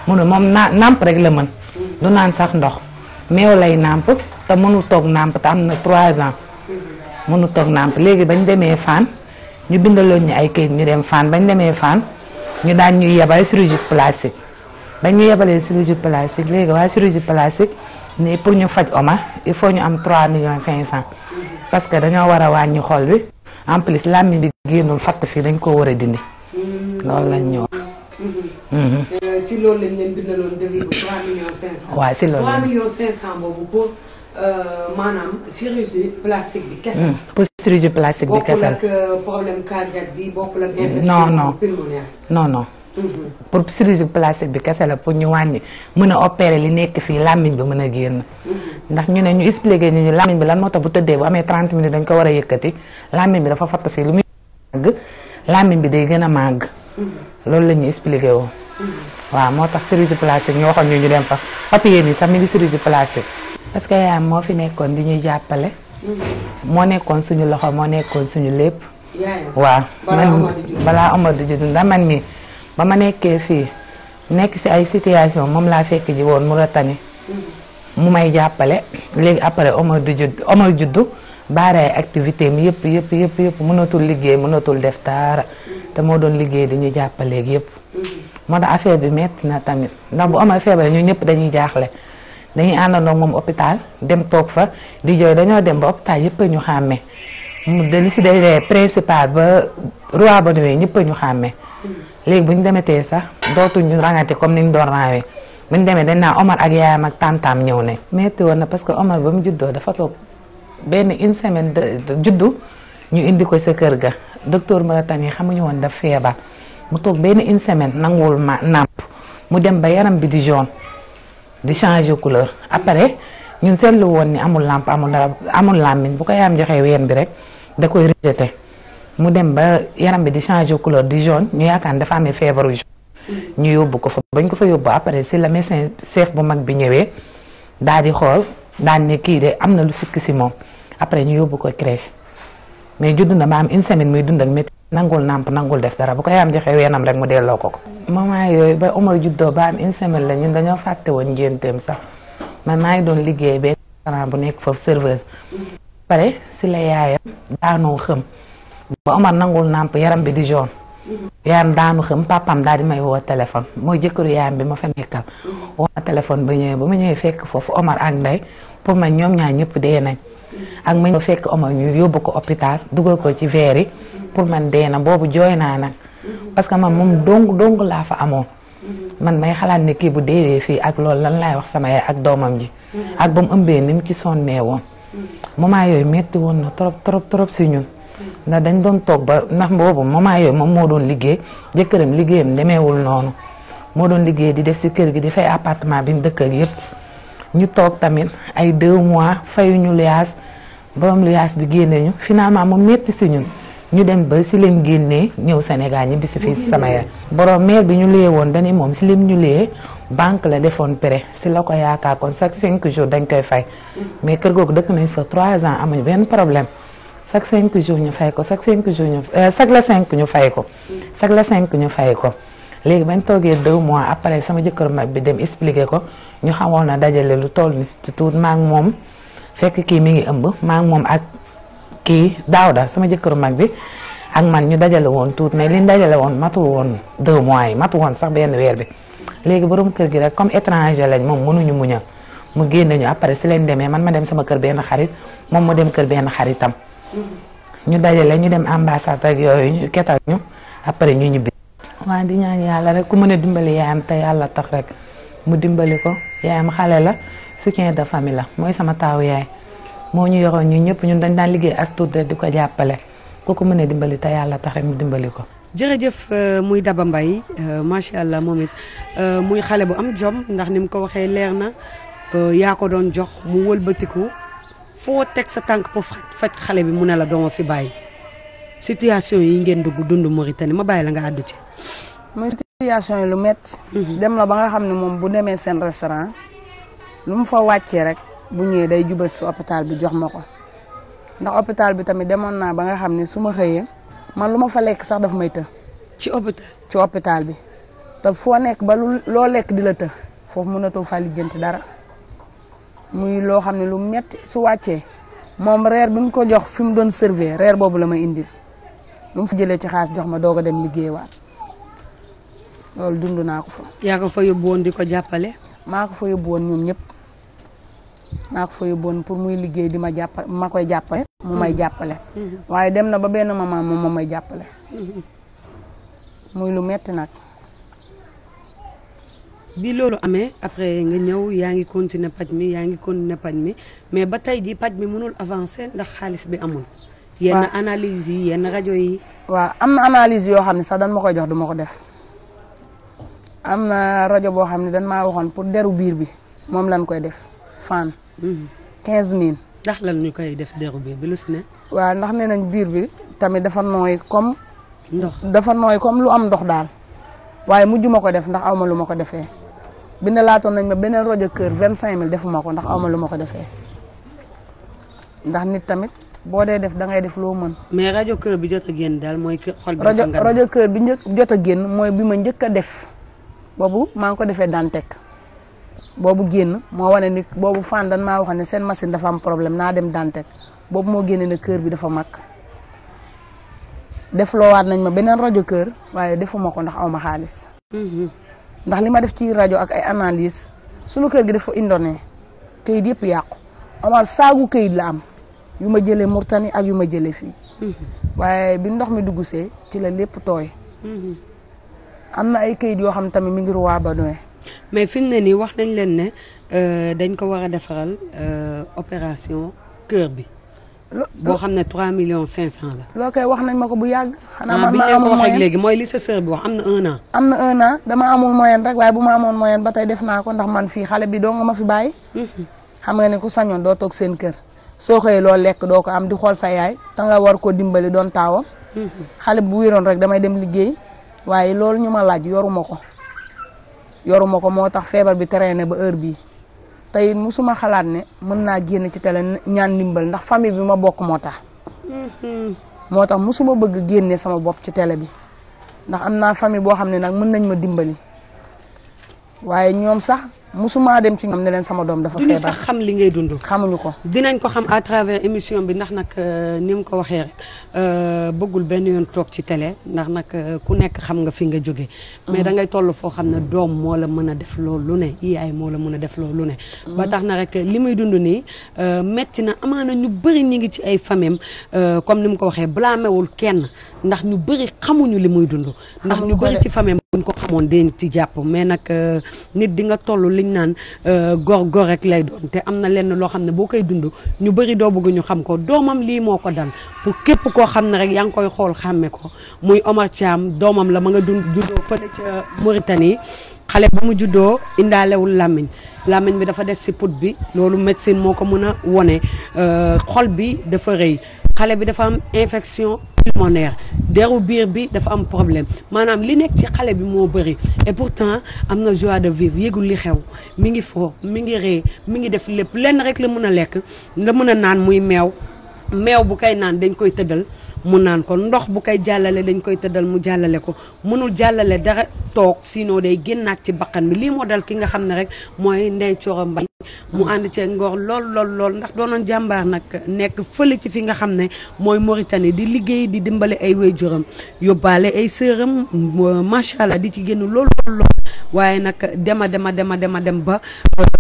mënul moom naa nàmp rek la mën du naan sax ndox meew lay nàmp te mënul toog nàmp te am na trois ans mënul toog nàmp léegi bañ demee fan ñu bindaloon ñu ay kayit ñu dem fan bañ demee fan ñu daan ñu yebal chirurgie plastique bañ ñu yebalee chirurgie plastique léegi waa chirurgie plastique nii pour ñu faj Omar il faut ñu am 3 millions 500 parce que dañoo war a wàññi xol bi en plus làmmiñ bi génnul fatt fii dañ koo war a dindi mm-hmm. loolu lañ ñu wax. Mm-hmm. Mm-hmm. Euh, ci loolu lañ leen bindaloon devis bu 3 millions si loolu 3 boobu pour euh, maanaam chirurgie plastique bi kese. Mm. pour chirurgie plastique bi kese la euh, bokkul ak problème cardiaque pour chirurgie plastique bi kese la pour ñu wàññi mën a opérer li nekk fii làmmiñ bi mën a génn. ndax ñu ne ñu expliqué ñu ñu làmmiñ bi lan moo tax bu tëddee bu amee 30 minutes dañ ko war a yëkkati làmmiñ bi dafa fatt fii lu muy màgg làmmiñ bi day gën a màgg. loolu la ñu expliqué woo. waaw moo tax chirurgie plastique ñu waxoon ñu ñu dem fa papier nii sax mi ngi chirurgie plastique. parce que yaayam moo fi nekkoon di ñuy jàppale. moo nekkoon suñu loxo moo nekkoon suñu lépp. waaw man di judd ndax ba ma nekkee fii nekk si ay situation moom laa fekk ji woon mu ratani mu may jàppale léegi après Omar di judd Omar juddu bare activité mi yëpp yëpp yëpp yëpp mënatul liggéey mënatul def taara te moo doon liggéey di ñu jàppaleeg yëpp moo tax affaire bi metti na tamit ndax bu Omar feebaree ñu ñëpp dañuy jaaxle dañuy àndandoo moom hôpital dem toog fa di jooy dañoo dem ba hôpital yëpp ñu xàmmee mu de si day principal ba roi ba ñëpp ñu xàmmee léegi bu ñu demetee sax dootuñu rangati comme ni ñu doon rangee bu demee dañ naa Omar ak yaayam ak tantam ñëw ne. metti woon na parce que Omar ba mu dafa toog benn une semaine de juddu ñu indi ko sa kër ga docteur Mauritanie xamuñu woon daf feebar mu toog benn une semaine nanguwul ma nàmp mu dem ba yaram bi di jaune di changer couleur après. ñun seetlu woon ni amul làmp amul dara amul làmmiñ bu ko yaayam joxee ween bi rek da koy rejeté mu dem ba yaram bi di changé couleur di jaune ñu yaakaar dafa amee feebaru jaune ñu yóbbu ko fa bañ ko fa yóbbu après si la médecin chef bu mag bi ñëwee daal di xool daal ne kii de am na lu sikk si moom après ñu yóbbu ko crèche mais judd na ba am une semaine muy dund ak métti nangul nàmp nangul def dara bu ko yaayam joxee weenam rek mu delloo ko ko. moment yooyu ba Omar juddoo ba am woon njéenteem sax. man maa ngi doon liggéey benn restaurant bu nekk foofu serveuse pare si la yaayam daanoo xëm ba Omar nangul nàmp yaram bi di jaune yaayam daanu xëm papam daal di may woo téléphone mooy jëkkëru yaayam bi ma fa nekkal woo ma téléphone ba ñëwee ba ma ñëwee fekk foofu Omar ak Ndey pour man ñoom ñaa ñëpp dee nañ ak ma ñëw fekk Omar ñu yóbbu ko hôpital dugal ko ci verre yi pour man dee na boobu jooy naa nag parce que man moom dong dong laa fa amoon man may xalaat ne kii bu deewee fii ak loolu lan laay wax sama yaay ak doomam ji. Mm-hmm. ak ba mu ëmbee ni mu ci sonnee woon. Mm-hmm. moment yooyu metti woon na trop trop trop si ñun. ndax dañ doon toog ba ndax boobu moment yooyu moom moo doon liggéey jëkkëram liggéeyam demeewul noonu. moo doon liggéey di def si kër gi di fay appartement bi mu dëkk ak yëpp ñu toog tamit ay deux mois fayuñu luyaas borom luyaas bi génne ñu finalement mu metti si ñun. ñu dem ba si lim génnee ñëw Sénégal ñibbi si fii sama ya borom maire bi ñu liyee woon dañuy moom si lim ñu liyee banque la defoon prêt si la ko yaakaar kon chaque cinq jours dañ koy fay mais kër googu dëkk nañ fa trois ans amuñ benn problème chaque cinq jours ñu fay ko chaque cinq jours ñu euh, chaque la cinq ñu fay ko chaque la cinq ñu fay ko léegi bañ toogee deux mois après sama jëkkër mag bi dem expliqué ko ñu xamoon na dajale lu toll ni si tuut maa ngi moom fekk kii mi ngi ëmb maa moom ak kii daaw da sama jëkkëru mag bi ak man ñu dajale woon tuut mais liñ dajale woon matu woon deux mois yi matu woon sax benn weer bi léegi borom kër gi rek comme étranger lañ moom mënuñu muñal mu génne ñu si leen demee man ma dem sama kër benn xarit moom mu dem kër benn xaritam ñu dajale ñu dem ambassade ak yooyu ñu ketal ñu après ñu ñibbi. waa di ñaan yàlla rek ku mën a dimbali yaayam te yàlla tax rek mu dimbali ko yaayam xale la soutien de famille la mooy sama taawu yaay. moo ñu yoroon ñu ñëpp ñun dañ daan liggéey as tuut di ko jàppale ku ko mën a dimbali te yàlla tax rek mu dimbali ko. jërëjëf euh, muy Daba Mbaye euh, macha allah moom it euh, muy xale bu am jom ndax ni mu ko waxee leer na yaa ko doon jox mu wëlbatiku foo teg sa tànk pour faj xale bi mu ne la dooma fi bàyyi situation yi ngeen dugg dund Mauritanie ma bàyyi la nga àddu ci. muy situation yi lu métti. Mhm. dem na ba nga xam ne moom bu demee seen restaurant lu mu fa wàccee rek. bu ñëwee day jubal si hôpital bi jox ma ko ndax hôpital bi tamit demoon naa ba nga xam ne su ma xëyee man lu ma fa lekk sax dafa may të. ci hôpital ci hôpital bi te foo nekk ba loo lekk di la të foofu mënatoo faa lijjanti dara muy loo xam ne lu metti su wàccee moom reer bi mu ko jox fi mu doon servir reer boobu la ma indil lu mu fa jëlee ci xaas jox ma doo a dem liggéeyawaat loolu dund naa ko fa. yaa ko fa yóbbu woon di ko jàppale. maa ko fa yóbbu woon ñoom ñëpp. maa ko fa yóbboon pour muy liggéey di ma jàppale ma koy jàppale. mu may mm-hmm. jàppale. Mm-hmm. waaye dem na ba benn maman moom moo may jàppale. Mm-hmm. muy lu metti nag. bi loolu amee après nga ñëw yaa ngi continuer paj mi yaa ngi continuer paj mi mais ba tey jii paj mi mënul avancer ndax xaalis bi amul. yenn analyse yi yenn rajo yi. waaw am na analyse yoo xam ne sax dan ma koy jox du ma ko def am na rajo boo xam ne dan maa waxoon pour deru biir bi moom lañ koy def. Mhm. quinze 15000. ndax lan ñu koy def dérobé bi lu si ne. waaw ndax ne nañ biir bi tamit dafa nooy comme. dafa nooy comme lu am ndox daal. waaye mujj ma ko def ndax aw ma lu ma ko defee. bi ne laatoon nañ ma beneen rojo kër 25000 defuma ko ndax aw ma lu ma ko defee. ndax nit tamit boo dee def dangay def loo mën. mais rajo kër bi jot génn daal mooy xol bi. rajo rajo kër bi njëkk jot a génn mooy bi ma njëkk a def. boobu maa ngi ko defee Dantec. boobu génn moo wane ni boobu fan dan maa wax ne seen machine dafa am problème naa dem Dantec boobu moo génne na kër bi dafa mag def loowaat nañ ma beneen rajo kër waaye defuma ko ndax awma xaalis mhm. ndax li ma def ci rajo ak ay analyse sunu kër gi dafa indone këyit yëpp yàqu Omar saagu këyit la am yu ma jëlee Murtani ak yu ma jëlee fii mhm. waaye bi ndox mi dugg see ci la lépp tooy mhm. am na ay këyit yoo xam ne tamit mu ngi ruwaa ba doy mais fi mu ne nii wax nañ leen ne euh, dañ ko war a defaral euh, opération kër bi. boo xam ne million millions 500 la. loo koy wax nañ ma ko bu yàgg. xanaa ah, bi ñu wax ak léegi mooy li sa sœur bi wax am na un an. am na un dama amul moyen rek waaye bu ma amoon moyen ba tey def naa ko ndax man fii xale bi doo nga ma fi bàyyi. Mhm. xam nga ne ku sañoon doo toog seen kër. soo xëyee loo lekk doo ko am di xool sa yaay te nga war koo dimbali doon taawam. Mhm. xale bu wéroon rek damay dem liggéey waaye loolu ñu ma laaj yoruma ko. yoruma ko moo tax feebar bi traîné ba heure bii tey musuma xalaat ne mën naa génn ci télé ñaan ndimbal ndax famille bi ma bokk moo tax. Mm-hmm. moo tax musuma bëgg génne sama bopp ci télé bi ndax am naa famille boo xam ne nag mën nañ ma dimbali waaye ñoom sax. musuma dem ci ñoom ne leen sama doom dafa feebar duñu sax xam li ngay dund xamuñu ko dinañ ko xam à travers émission bi ndax nag euh, ni mu ko waxee rek euh, bëggul benn yoon toog ci tele ndax nag euh, ku nekk xam nga fi nga jóge mm. mais da ngay toll foo xam ne doom moo la mën a def loolu ne yaay moo la mën a def loolu ne mm. ba tax na rek li muy dund nii metti na amaana ñu bëri ñi ngi ci ay famem comme ni mu ko waxee blâmewul kenn ndax ñu bëri xamuñu li muy dund ndax ñu bëri ci famille buñ ko xamoon den ci jàpp mais nag euh, nit di nga toll liñ naan euh, gor gor rek lay doon te am na lenn loo xam ne boo koy dund ñu bëri doo bëgg ñu xam ko doomam lii moo ko dal pour képp koo xam ne rek yaa ngi koy xool xàmme ko muy Omar Thiam doomam la ma nga dund juddoo fële ca Mauritanie xale bu mu juddoo indaalewul làmmiñ làmmiñ bi dafa des si put bi loolu médecine moo ko mën a wone euh, xol bi dafa rëy xale bi dafa pulmonaire deru biir bi dafa am problème maanaam li nekk ci xale bi moo bëri et pourtant am na joie de vivre yëgul li xew mi ngi foo mi ngi ree mi ngi def lépp lenn rek la mën a lekk la mën a naan muy meew meew bu koy naan dañ koy tëddal mu naan ko ndox bu koy jàllale dañ koy tëddal mu jàllale ko mënul jàllale dara toog sinon day génnaat ci bakkan bi lii moo dal ki nga xam ne rek mooy ndey cooro mbay mu ànd ci ngor lool lool lool ndax doonoon jàmbaar nag nekk fële ci fi nga xam ne mooy Mauritanie di liggéey di dimbale ay waajuram yóbbaale ay sëram macha allah di ci génn lool lool waaye nag dema dema dema dema dem ba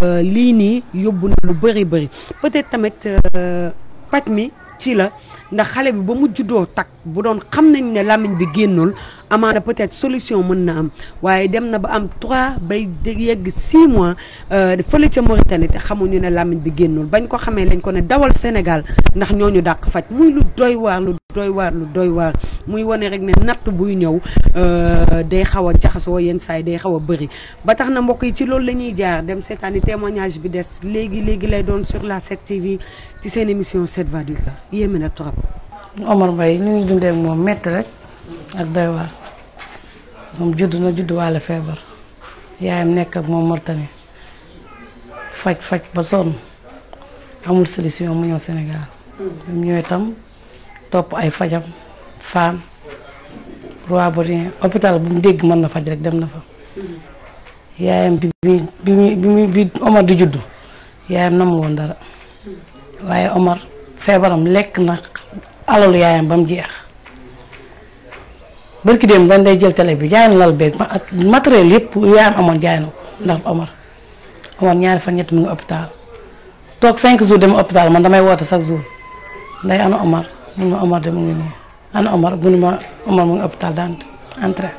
euh, lii nii yóbbu na lu bari bari peut-être tamit euh, paj mi ci la ndax xale bi ba mujj doo takk bu doon xam nañu ne làmmiñ bi génnul amaana peut-être solution mën na am waaye dem na ba am 3 bay yegg 6 mois euh, fële ca Mauritanie te xamuñu ne làmmiñ bi génnul bañ ko xamee lañ ko ne dawal Sénégal ndax ñooñu dàq faj muy lu doy waar lu doy waar lu doy waar muy wane rek ne natt buy ñëw euh, day xaw a jaxasoo yenn saay day xaw a bëri ba tax na mbokk yi ci loolu la ñuy jaar dem seetaani témoignage bi des léegi léegi lay doon sur la 7TV ci seen émission 7 voix du cœur yéeme na trop. Omar Mbaye li ñuy moom judd na judd waale feebar yaayam nekk ak moom Mauritanie faj faj ba sonn amul solution mu ñëw Sénégal. mu ñëwee tam topp ay fajam Fann Roi Baudouin hôpital bu mu dégg mën na faj rek dem na fa. yaayam bi bi bi bi bi Omar di juddu yaayam namul woon dara waaye Omar feebaram lekk na alalu yaayam ba jeex. barki dem dañ day jël télé bi jaay na lal beeg ak matériel yëpp yaayam amoon jaay na ko ndax Omar Omar ñaari fan ñett mu ngi hôpital toog 5 jours dem hôpital man damay woote chaque jour nday ana Omar mun ma Omar de mu ngi nii ana Omar bunu ma Omar mu ngi hôpital daan entré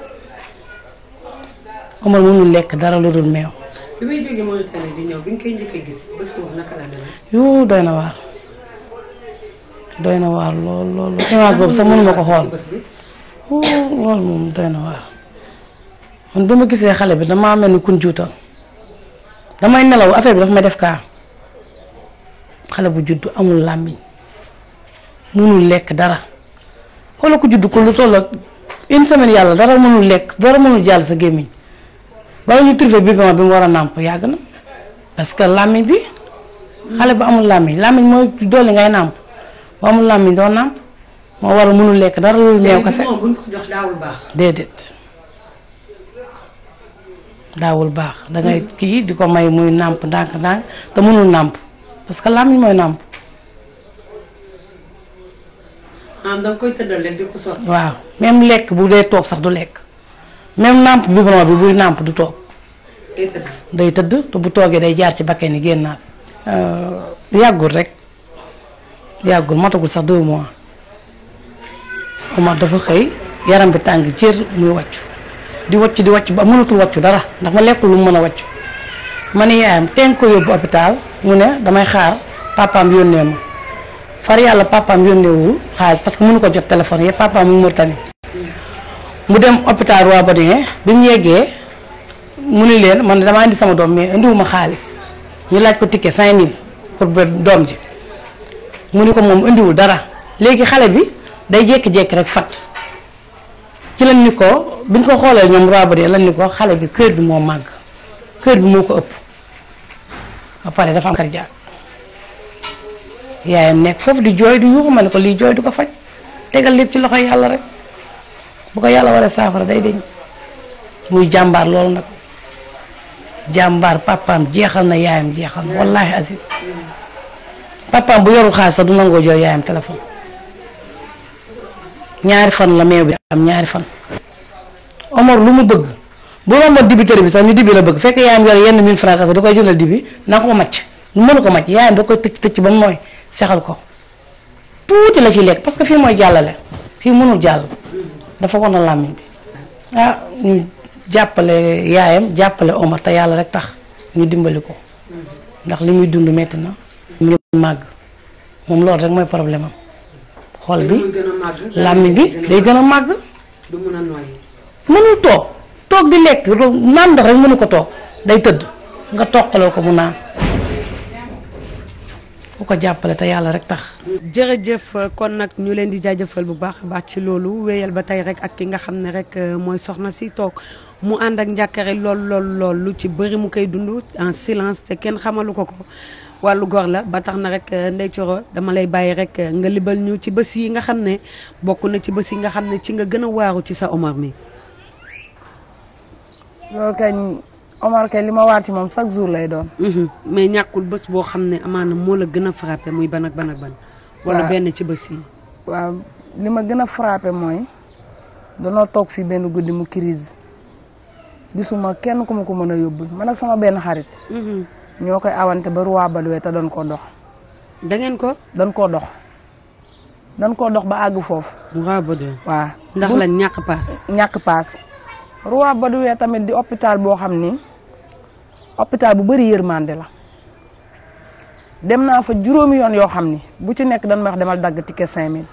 Omar mënul lekk dara lu dul meew. bi may jógee Mauritanie bi ñëw bi ñu koy njëkk a gis bés boobu naka la mel. yoo doy na waar doy na waar lool lool lool. image boobu sax mënuma ko xool. loolu moom doy na waar man ba ma gisee xale bi damaa mel ni kun damay nelaw affaire bi dafa may def kaa xale bu juddu amul làmmiñ munul lekk dara xoola ko juddu ko lu toll ak une semaine yàlla dara mënul lekk dara mënul jàll sa gémmiñ bala ñu trouvé bi ma bi mu war a nàmp yàgg na parce que làmmiñ bi xale bu amul làmmiñ làmmiñ mooy doole ngay nàmp bu amul làmmiñ doo nàmp moo waral mënul lekk dara loolu meew kese moom buñ ko jox daawul baax. déedéet daawul baax dangay hmm. kii di ko may muy nàmp ndànk ndànk te mënul nàmp parce que làmmiñ mooy nàmp. am danga koy tëddal rek waaw même lekk bu dee toog sax du lekk même nàmp biberon bi buy nàmp du toog. day tëdd te bu toogee day jaar ci bakkeen yi génnaat. Euh, yàggul rek yàggul matagul sax deux mois. Omar dafa xëy yaram bi tàng jër muy wàccu di wàcc di wàcc ba mënatul wàccu dara ndax ma lekkul lu mu mën a wàccu ma ne yaayam teen ko yóbbu hôpital mu ne damay xaar papaam yónnee ma far yàlla papaam yónneewul xaalis parce que mënu ko jot téléphone yëpp papaam mu ngi tamit mu dem hôpital Roi Baudouin bi mu yeggee mu ni leen man dama indi sama doom mais indiwuma xaalis ñu laaj ko ticket 5000 pour doom ji mu ni ko moom indiwul dara léegi xale bi. day jékki-jékki rek fat ci lañ ni ko biñ ko xoolee ñoom roibare lañ ni ko xale bi kër bi moo màgg kër bi moo ko ëpp ba pare dafa am cardiaque yaayam nekk foofu di jooy du yuuxu ma ne ko lii jooy du ko faj tegal lépp ci loxo yàlla rek bu ko yàlla waree saafara day deñ muy jàmbaar loolu nag jàmbaar papaam jeexal na yaayam jeexal na wallaahi azim papaam bu yorul xaalis sax du nangoo jooy yaayam téléphone ñaari fan la meew bi am ñaari fan Omar lu mu bëgg bu ma mën dibiteri bi sax ñu dibi la bëgg fekk yaayam yenn mille francs sax da koy jëndal dibi na ko macc lu mënu ko macc yaayam da ko tëcc tëcc ba mu mooy sexal ko tuuti la ci lekk parce que fii mooy jàllale fii mënul jàll dafa war na làmmiñ bi ah ñu jàppale yaayam jàppale Omar te yàlla rek tax ñu dimbali ko ndax li muy dund metti na ñu màgg moom loolu rek mooy problème am xol bi làmmi bi day gën a màgg mënul toog toog di lekk naan ndox rek mënu ko toog day tëdd nga toqalal ko mu naan ku ko jàppale te yàlla rek tax jërëjëf kon nag ñu leen di jaajëfal bu baax a baax ci loolu wéyal ba tey rek ak ki nga xam ne rek euh, mooy soxna si toog mu ànd ak njàkkare lool lool lu ci bari mu koy dund en silence te kenn xamalu ko ko wàllu gor la ba tax na rek euh, Ndeye Coro dama lay bàyyi rek euh, nga libal ñu ci bés yi nga xam ne bokk na ci bés yi nga xam ne ci nga gën a waaru ci sa Omar mi. loolu kañ Omar kañ li ma waar ci moom chaque jour lay doon. Mhm. mais ñàkkul bés boo xam ne amaana moo la gën a frappé muy ban ak ban ak benn ci bés yi. waaw li ma gën a frappé mooy danoo toog fii benn guddi mu crise gisuma kenn ku ma ko mën a yóbbul man ak sama benn xarit. Mhm. ñoo koy awante ba roi Badowe te doon koo dox. da ko. doon koo dox. dañ koo dox ba àgg foofu. roi Badowe. waaw ndax la ñàkk paas. ñàkk paas. roi Badowe tamit di hôpital boo xam ni hôpital bu bëri yërmande la. dem naa fa juróomi yoon yoo xam ni bu ci nekk dañ ma wax demal dagg ticket 5000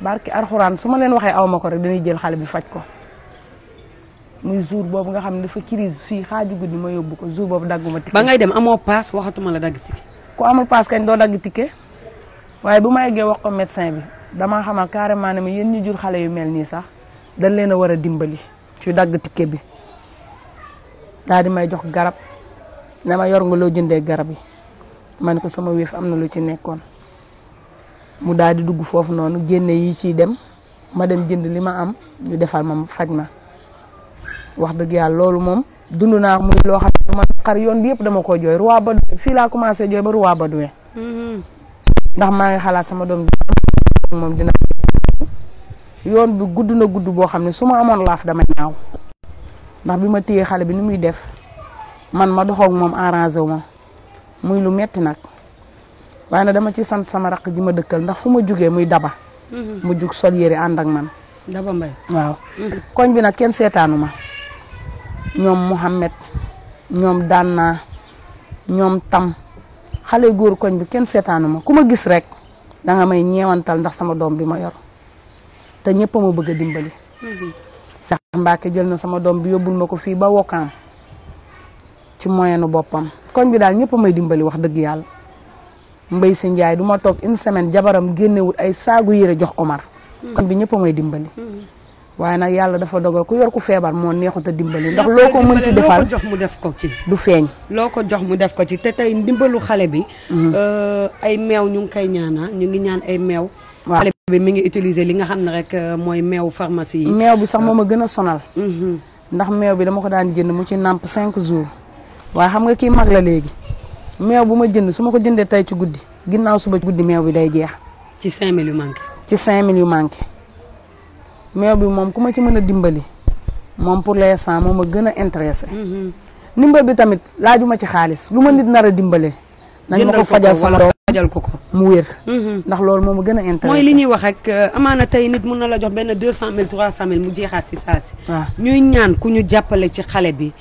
barki arxuraan su ma leen waxee aw ko rek dañuy jël xale bi faj ko. muy jour boobu nga xam ne dafa crise fii xaaju guddi ma yóbbu ko jour boobu dagguma ticket. ba ngay dem amoo paas waxatuma la dagg ticket. ko amul paas kañ doo dagg ticket waaye bu ma eggee wax ko médecin bi damaa xamal carrément ne ma yéen ñu jur xale yu mel nii sa dañ leen a war a dimbali ci dagg ticket bi daal di may jox garab ne ma yor nga loo jëndee garab yi ma ne ko sama wéef am na lu ci nekkoon mu daal di dugg foofu noonu génne yi ciy dem ma dem jënd li ma am ñu defal ma faj ma. wax dëgg yàlla loolu moom dund naa muy loo xam ne man xar yoon bi yëpp dama ko jooy Roi Baudouin fii laa commencé jooy ba Roi Baudouin mhm. ndax maa ngi xalaat sama doom bi moom dina yoon bi gudd na gudd boo xam ne su ma amoon laaf damay naaw ndax bi ma téyee xale bi ni muy def man ma doxoog moom arrangé wu ma muy lu metti nag waaye nag dama ci sant sama raq ji ma dëkkal ndax fu ma jugee muy daba mhm. mu jug sol yére ànd ak man daba mbay waaw mhm. koñ bi nag kenn seetaanu ma ñoom Mouhamed ñoom Danna ñoom Tam xale góor koñ bi kenn seetaanu ma ku ma gis rek da may ñeewantal ndax sama doom bi ma yor te ñëpp ma bëgg a dimbali. Mhm. sax Mbacke jël na sama doom bi yóbbul ma ko fii ba wokkaam ci moyenu boppam koñ bi daal ñëpp may dimbali wax dëgg yàlla mbay si njaay du ma toog une semaine jabaram génnewut ay saagu yére jox Omar. Mhm. koñ bi ñëpp may dimbali. Mhm. waaye nag yàlla dafa dogal ku yor ku feebar moo neexut a dimbali ndax loo ko mënti defal jox mu def ko ci du feeñ loo ko jox mu def ko ci te tey ndimbalu xale bi mhm. euh, ay meew ñu ngi koy ñaana ñu ngi ñaan ay meew waaw mi ngi utiliser li nga xam ne rek euh, mooy meew pharmacie yi meew bi sax moom a euh. gën a sonal mhm. ndax meew bi dama ko daan jënd mu ci nàmp cinq jours waaye xam nga kii mag la léegi meew bu ma jënd su ma ko jëndee tey ci guddi ginnaaw suba ci guddi meew bi day jeex ci cinq mille yu manqué ci cinq mille yu manqué meew bi moom ku ma ci mën a dimbali moom pour les l'instant moom a gën a intéressé ndimbal bi tamit laajuma ci xaalis lu ma nit nar a dimbale nañ ma ko fajal sama doom ko ko mu wér mhm. ndax loolu moom a gën a intéressé mooy li ñuy wax rek euh, amaana tey nit mun na la jox benn deux cent mille trois cent mille mu jeexaat si saa si waaw ñuy ñaan ku ñu jàppale ci xale bi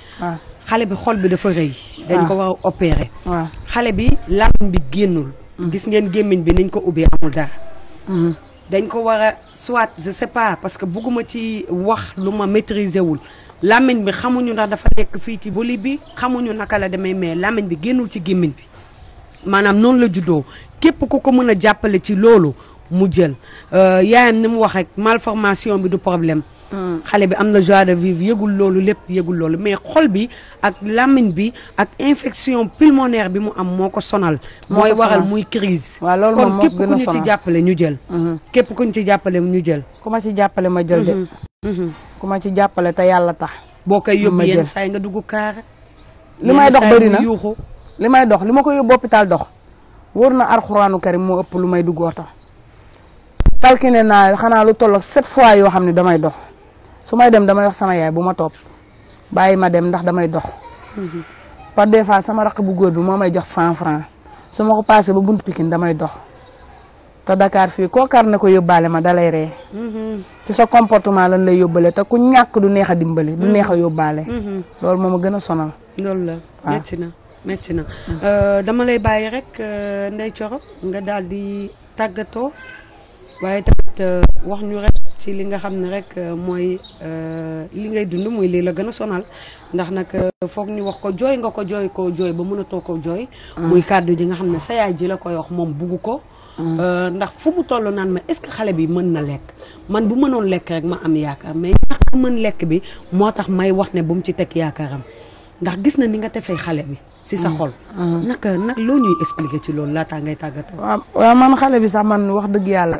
xale bi xol bi dafa rëy dañ ko war a xale bi làmmiñ bi génnul mm. gis ngeen gémmiñ bi nañ ko ubbee amul dara mm. dañ ko war a soit je sais pas parce que bugguma ci wax lu ma maîtriser wul làmmiñ bi xamuñu ndax dafa nekk fii ci boli bi xamuñu naka la demee mais làmmiñ bi génnul ci gémmiñ bi maanaam noonu la juddoo képp ku ko mën a jàppale ci loolu mu jël euh, yaayam ni mu wax rek malformation bi du problème. Hmm. xale bi am na joie de vivre yëgul loolu lépp yëgul loolu mais xol bi ak làmmiñ bi ak infection pulmonaire bi mu am moo ko sonal. mooy waral muy crise kon hmm. képp ku ñu ci jàppale ñu jël. képp ku ci jàppale ñu jël. ku ma ci jàppale ma jël de. Hmm. ku ma ci jàppale te yàlla tax. boo koy yóbbu yenn saa nga dugg kaar. li may dox bëri na li may dox li ma koy yóbbu hôpital dox. war na alxuraanu karim moo ëpp lu may dugg oto talkine naa xanaa lu toll ak sept yoo xam ne damay dox su may dem dama wax sama yaay bu ma topp bàyyi ma dem ndax damay dox. par des fois sama raq bu góor bi moo may jox cent franc su ma ko paasee ba bunt Pikine damay dox te Dakar fii koo kar na ko yóbbaale ma dalay ree ci sa comportement lan lay yóbbaale te ku ñàkk du neex a dimbali. du neex a yóbbaale. loolu moom ma gën a sonal. loolu la metti na metti na euh, dama lay bàyyi rek euh, Ndeye Thioro nga daal di tàggatoo. waaye tamit euh, wax ñu rek ci li nga xam ne rek euh, mooy euh, li ngay dund muy lii la gën a sonal ndax nag foog ñu wax ko jooy nga ko jooy ko jooy ba mun a toog ko jooy ah. muy kàddu ji nga xam ne sa yaay ji la koy wax moom bugg ko ah. ndax fu mu toll ma est-ce xale bi mën na lekk man bu mënoon lekk rek ma am yaakaar mais ñax mën lekk bi moo tax may wax ne bu mu ci teg yaakaaram ndax gis na ni nga tefee xale bi si sa ah. xol naka nag loo ñuy expliqué ci loolu laataa ngay tàggatoo waaw man xale bi sax man wax dëgg yàlla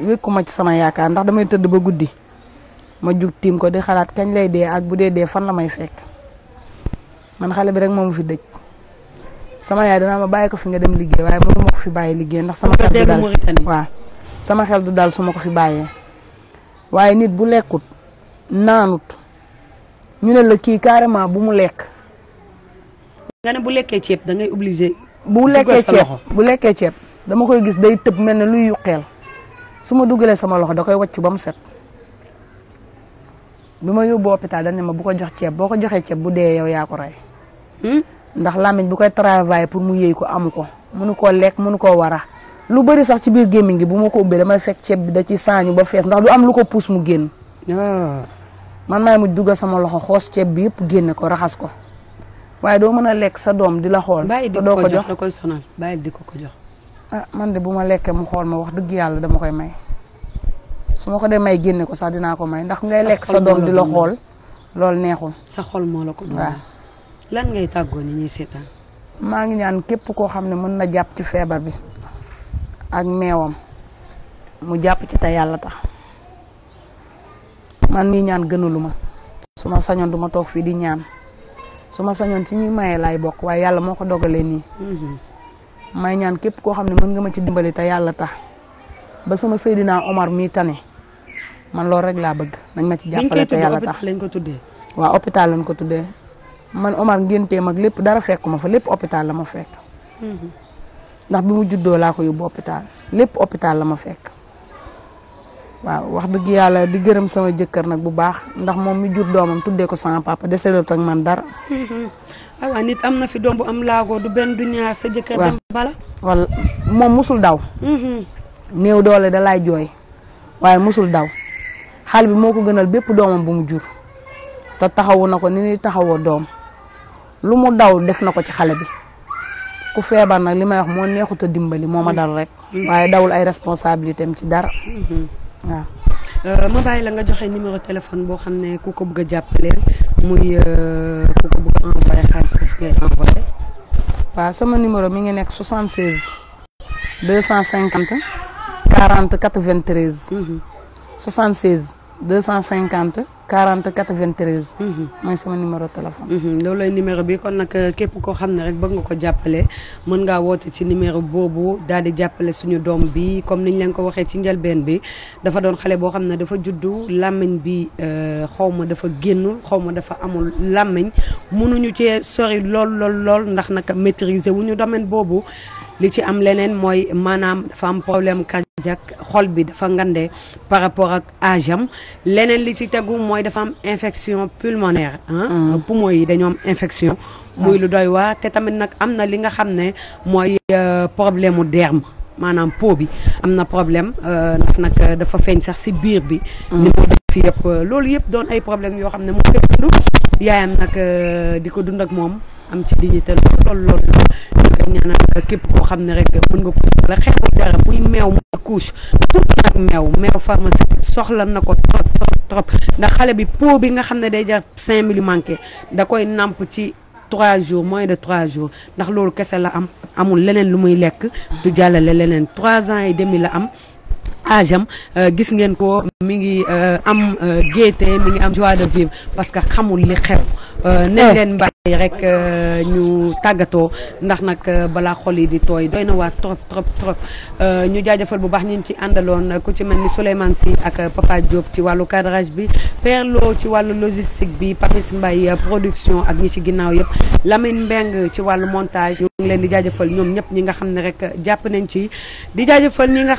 wékku ma ci sama yaakaar ndax damay tëdd ba guddi ma jug tiim ko di xalaat kañ lay dee ak bu dee dee fan la may fekk man xale bi rek moomu fi dëj sama yaay danaa ma bàyyi ko fi nga dem liggéey waaye mënu ma ko fi bàyyi liggéey ndax sama xel du dal waaw sama xel du dal su ma ko fi bàyyee waaye nit bu lekkut naanut ñu ne la kii carrément bu mu lekk. nga ne bu lekkee ceeb da ngay obligé. bu lekkee ceeb bu lekkee ceeb dama koy gis day tëb mel ne luy yuqeel. su ma dugalee sama loxo da koy wàcc ba mu set bi ma yóbbu hôpital dañ ne ma bu ko jox ceeb boo ko joxee ceeb bu dee yow yaa ko rey. Hmm? ndax làmmiñ bu koy travailler pour mu yëy ko amu ko mënu koo lekk mënu koo wara lu bari sax ci biir gémmiñ gi bu ma ko ubbee damay fekk ceeb da ci saañu ba fees ndax du am lu ko puus mu génn. Ah. man maay mu dugal sama loxo xoos ceeb bi yëpp génne ko raxas ko waaye doo mën a lekk sa doom di la xool. te doo ko jox bàyyi ko ko jox da di ko ko jox. ah man de bu ma lekkee mu xool ma wax dëgg yàlla dama koy may su ma ko dee may génne ko sax dinaa ko may ndax ngay lekk sa doom di la xool loolu neexul. sa xol moo la ko doon lan ngay tàggoo ni ñuy maa ngi ñaan képp koo xam ne mën na jàpp ci feebar bi ak meewam mu jàpp ci te yàlla tax man mii ñaan gënalu ma. su ma sañoon du ma toog fii di ñaan su ma sañoon ci ñuy maye laay bokk waaye yàlla moo ko dogalee nii. Mm-hmm. may ñaan képp koo xam ne mën nga ma ci dimbali te yàlla tax ba sama Seydina Omar mii tane man loolu rek laa bëgg nañ ma ci jàppale te yàlla tax lañ ko tuddee waaw hôpital lañ ko tuddee man Omar ngénteem mag lépp dara fekkuma fa lépp hôpital la ma fekk mhm. ndax bi mu juddoo laa ko yóbbu lépp hôpital la ma fekk waaw wax dëgg yàlla di gërëm sama jëkkër nag bu baax ndax moom mi jur doomam tuddee ko sama papa deseeloo ak man dara. <laughs> nit am na fi doom bu am laago du benn du ñaar sa jëkkër. bala wala moom musul daw mm-hmm. néew doole da lay jooy waaye mosul daw xale bi moo ko gënal bépp doomam bu mu jur te taxawu na ko ni ni taxawoo doom lu mu daw def na ko ci xale bi ku feebar nag li may wax moo neexut a dimbali moo ma dal rek mm-hmm. waaye dawul ay responsabilité am ci dara mm-hmm. waaw euh, ma bàyyi la nga joxe numéro téléphone boo xam ne ku ko bëgg a jàppale muy euh, ku ko bëgg a envoyé xaalis ku ko bëgg a envoyé waaw sama numéro mi ngi nekk 76 250 40 93. 76 250. 40 93. Mhm. mooy sama numéro téléphone. Mhm. loolu lay numéro bi kon nag eh, képp koo xam ne rek bëgg nga ko jàppale mën ngaa woote ci numéro boobu daal jàppale suñu doom bi comme niñ leen ko waxee ci njalbeen bi dafa doon xale boo xam ne dafa juddu làmmiñ bi eh, xaw ma dafa génnul xaw ma dafa amul làmmiñ munuñu ci sori lool lool lool ndax nag wu ñu domaine boobu. li ci am leneen mooy maanaam dafa am problème cardiaque xol bi dafa ngande par rapport ak âge leneen li ci tegu mooy dafa am infection pulmonaire ah euh, poumon yi dañoo am infection muy ah. lu doy waa te tamit nag am na li nga xam ne mooy euh, problème mu derme maanaam po bi am na problème euh, ndax nag dafa feeñ sax si biir bi ni ah. mu def yëpp loolu yëpp doon ay problème yoo xam ne mu koy dund yaayam nag di ko dund ak moom am ci dignité lool lool koy ñaanal képp koo xam ne rek mën nga ko la xeexul dara muy meew mu couche surtout nag meew meew pharmaceutique soxla na ko trop trop trop ndax xale bi pot bi nga xam ne day jar cinq mille manqué da koy nàmp ci trois jours mois de trois jours ndax loolu kese la am amul leneen lu muy lekk du jàllale leneen trois ans et demi la am âge euh, gis ngeen ko mu ngi euh, am euh, gaieté mi ngi am joie de vivre parce que xamul li xew eh. neñ leen bàyyi rek ñu tàggatoo ndax nag balaa xol yi di tooy doy na waa trop trop trop ñu jaajëfal bu baax ñi ci àndaloon ku ci mel ni Souleymane si ak Papa Diop ci wàllu cadrage bi Perlo ci wàllu logistique bi Papis Mbaye production ak ñi ci ginnaaw yëpp Lamine Mbeng ci wàllu montage ñu ngi leen di jaajëfal ñoom ñëpp ñi nga xam ne rek jàpp nañ ci di jaajëfal ñi nga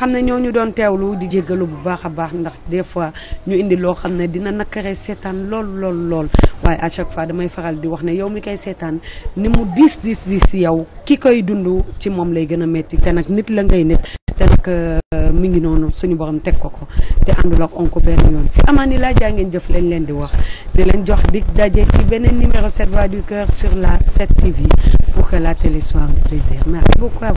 teewlu di jéggalu bu baax a baax ndax des fois ñu indi loo xam ne dina nakare seetaan lool lool lool waaye à chaque fois damay faral di wax ne yow mi koy seetaan ni mu diis diis diis yow ki koy dundu ci moom lay gën a metti te nag nit la ngay nit te nag euh, mi ngi noonu suñu borom teg ko ko te àndul ak onko benn yoon fi amaani laa jaa ngeen jëf lañ leen di wax di lañ jox dig daje ci beneen numéro 7 voix du sur la 7 TV pour que la télé soit un plaisir merci beaucoup